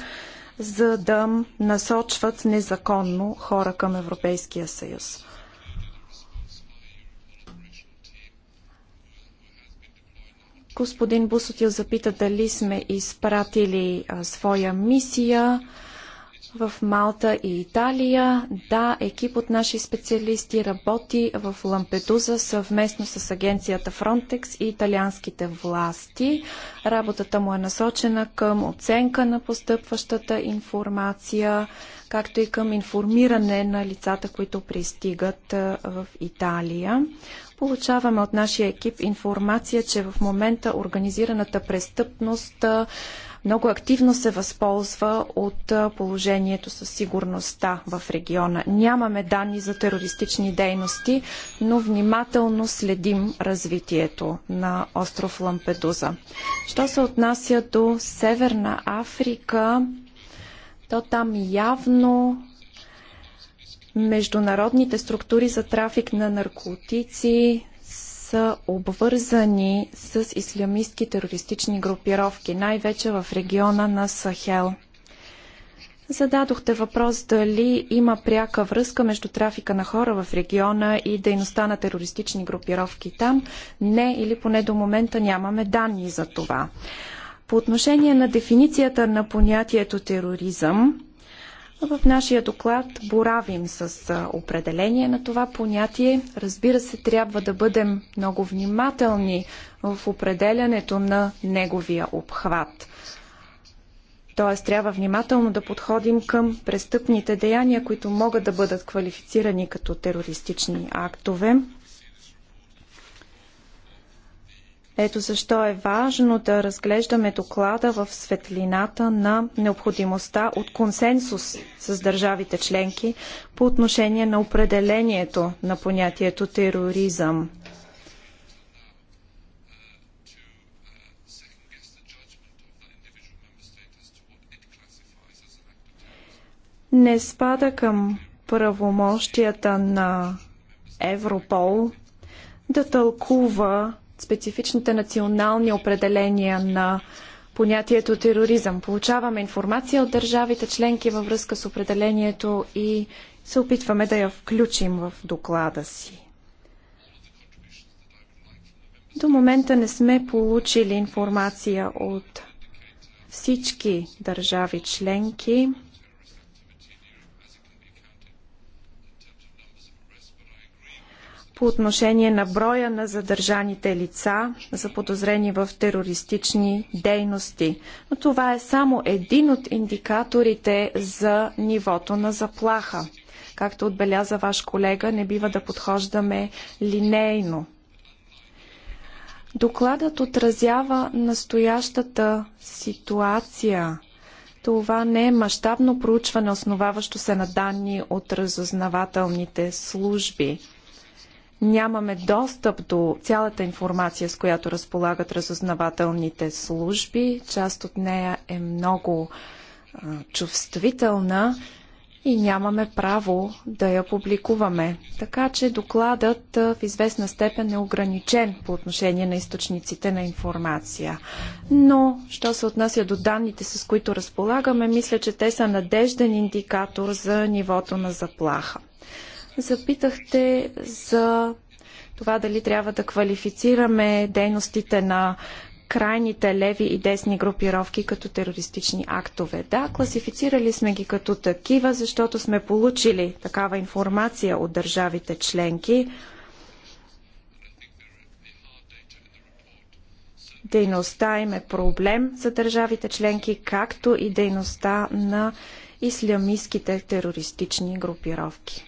[SPEAKER 2] за да насочват незаконно хора към Европейския съюз. Господин Бусотил запита дали сме изпратили а, своя мисия в Малта и Италия. Да, екип от наши специалисти работи в Лампедуза съвместно с агенцията Frontex и италианските власти. Работата му е насочена към оценка на постъпващата информация, както и към информиране на лицата, които пристигат в Италия. Получаваме от нашия екип информация, че в момента организираната престъпност много активно се възползва от положението със сигурността в региона. Нямаме данни за терористични дейности, но внимателно следим развитието на остров Лампедуза. Що се отнася до Северна Африка, то там явно международните структури за трафик на наркотици са обвързани с ислямистки терористични групировки, най-вече в региона на Сахел. Зададохте въпрос дали има пряка връзка между трафика на хора в региона и дейността на терористични групировки там. Не или поне до момента нямаме данни за това. По отношение на дефиницията на понятието тероризъм, в нашия доклад боравим с определение на това понятие. Разбира се, трябва да бъдем много внимателни в определянето на неговия обхват. Тоест, трябва внимателно да подходим към престъпните деяния, които могат да бъдат квалифицирани като терористични актове. Ето защо е важно да разглеждаме доклада в светлината на необходимостта от консенсус с държавите членки по отношение на определението на понятието тероризъм. Не спада към правомощията на Европол да тълкува специфичните национални определения на понятието тероризъм. Получаваме информация от държавите членки във връзка с определението и се опитваме да я включим в доклада си. До момента не сме получили информация от всички държави членки. по отношение на броя на задържаните лица, за подозрени в терористични дейности. Но това е само един от индикаторите за нивото на заплаха. Както отбеляза ваш колега, не бива да подхождаме линейно. Докладът отразява настоящата ситуация. Това не е мащабно проучване, основаващо се на данни от разузнавателните служби нямаме достъп до цялата информация, с която разполагат разузнавателните служби. Част от нея е много чувствителна и нямаме право да я публикуваме. Така че докладът в известна степен е ограничен по отношение на източниците на информация. Но, що се отнася до данните, с които разполагаме, мисля, че те са надежден индикатор за нивото на заплаха. Запитахте за това дали трябва да квалифицираме дейностите на крайните леви и десни групировки като терористични актове. Да, класифицирали сме ги като такива, защото сме получили такава информация от държавите членки. Дейността им е проблем за държавите членки, както и дейността на ислямистските терористични групировки.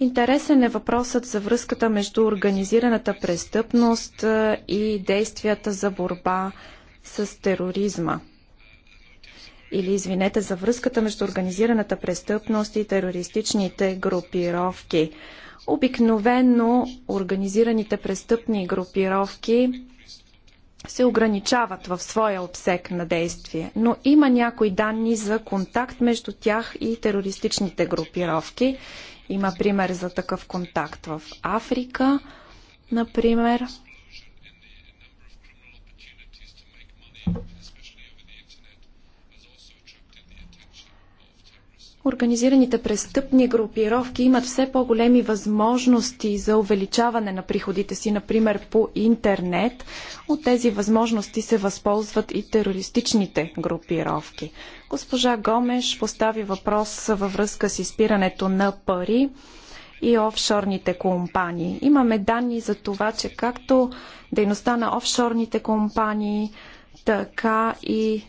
[SPEAKER 2] Интересен е въпросът за връзката между организираната престъпност и действията за борба с тероризма. Или, извинете, за връзката между организираната престъпност и терористичните групировки. Обикновено организираните престъпни групировки се ограничават в своя обсек на действие, но има някои данни за контакт между тях и терористичните групировки има пример за такъв контакт в Африка, например. Организираните престъпни групировки имат все по-големи възможности за увеличаване на приходите си, например по интернет. От тези възможности се възползват и терористичните групировки. Госпожа Гомеш постави въпрос във връзка с изпирането на пари и офшорните компании. Имаме данни за това, че както дейността на офшорните компании, така и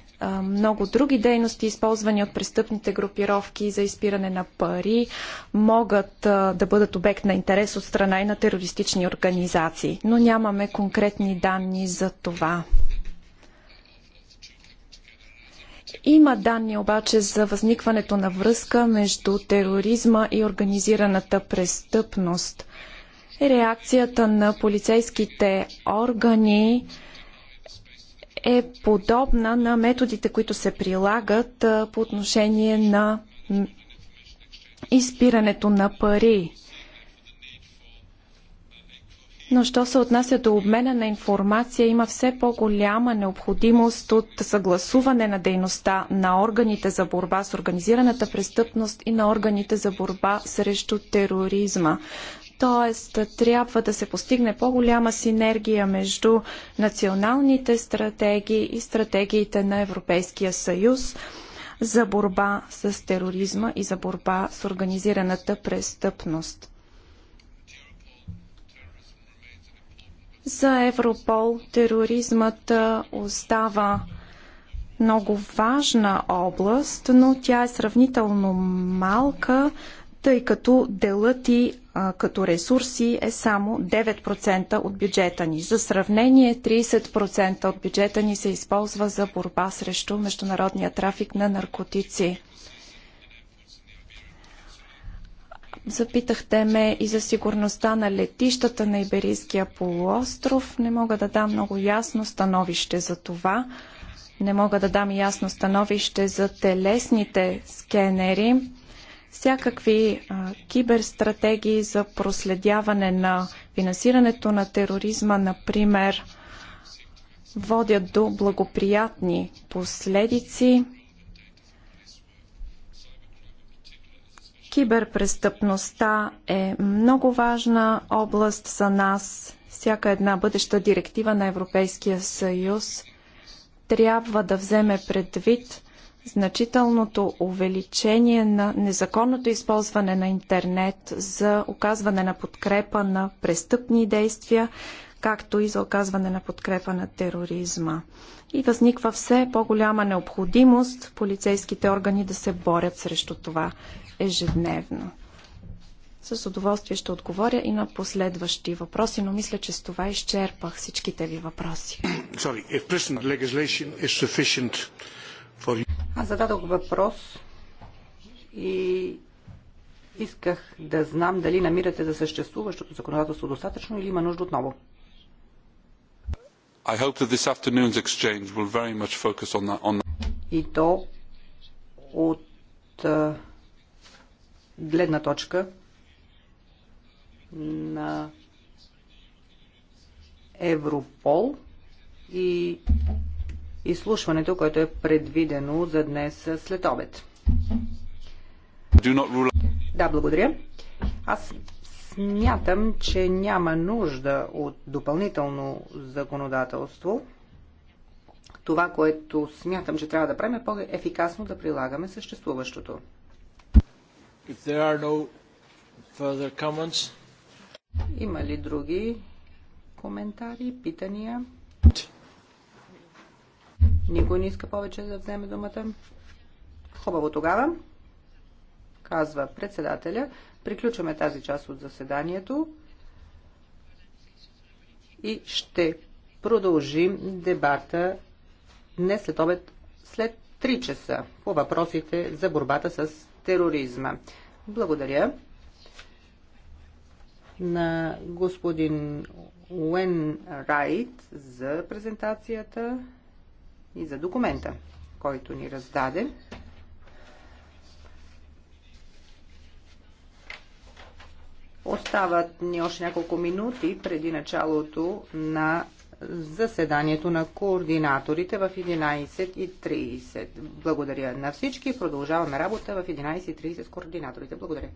[SPEAKER 2] много други дейности, използвани от престъпните групировки за изпиране на пари, могат да бъдат обект на интерес от страна и на терористични организации. Но нямаме конкретни данни за това. Има данни обаче за възникването на връзка между тероризма и организираната престъпност. Реакцията на полицейските органи е подобна на методите, които се прилагат по отношение на изпирането на пари. Но що се отнася до обмена на информация, има все по-голяма необходимост от съгласуване на дейността на органите за борба с организираната престъпност и на органите за борба срещу тероризма. Тоест, трябва да се постигне по-голяма синергия между националните стратегии и стратегиите на Европейския съюз за борба с тероризма и за борба с организираната престъпност. За Европол тероризмът остава много важна област, но тя е сравнително малка тъй като делът и като ресурси е само 9% от бюджета ни. За сравнение, 30% от бюджета ни се използва за борба срещу международния трафик на наркотици. Запитахте ме и за сигурността на летищата на Иберийския полуостров. Не мога да дам много ясно становище за това. Не мога да дам ясно становище за телесните скенери всякакви а, киберстратегии за проследяване на финансирането на тероризма, например, водят до благоприятни последици. Киберпрестъпността е много важна област за нас. Всяка една бъдеща директива на Европейския съюз трябва да вземе предвид значителното увеличение на незаконното използване на интернет за оказване на подкрепа на престъпни действия, както и за оказване на подкрепа на тероризма. И възниква все по-голяма необходимост полицейските органи да се борят срещу това ежедневно. С удоволствие ще отговоря и на последващи въпроси, но мисля, че с това изчерпах всичките ви въпроси.
[SPEAKER 1] Sorry, if
[SPEAKER 4] аз зададох въпрос и исках да знам дали намирате за съществуващото законодателство достатъчно или има нужда от ново. И то от гледна точка на Европол и изслушването, което е предвидено за днес след обед. Rule... Да, благодаря. Аз смятам, че няма нужда от допълнително законодателство. Това, което смятам, че трябва да правим е по-ефикасно да прилагаме съществуващото.
[SPEAKER 1] No comments... Има ли други
[SPEAKER 4] коментари, питания? Никой не иска повече да вземе думата. Хубаво тогава, казва председателя. Приключваме тази част от заседанието и ще продължим дебата днес след обед след 3 часа по въпросите за борбата с тероризма. Благодаря на господин Уен Райт за презентацията и за документа, който ни раздаде. Остават ни още няколко минути преди началото на заседанието на координаторите в 11.30. Благодаря на всички. Продължаваме работа в 11.30 с координаторите. Благодаря.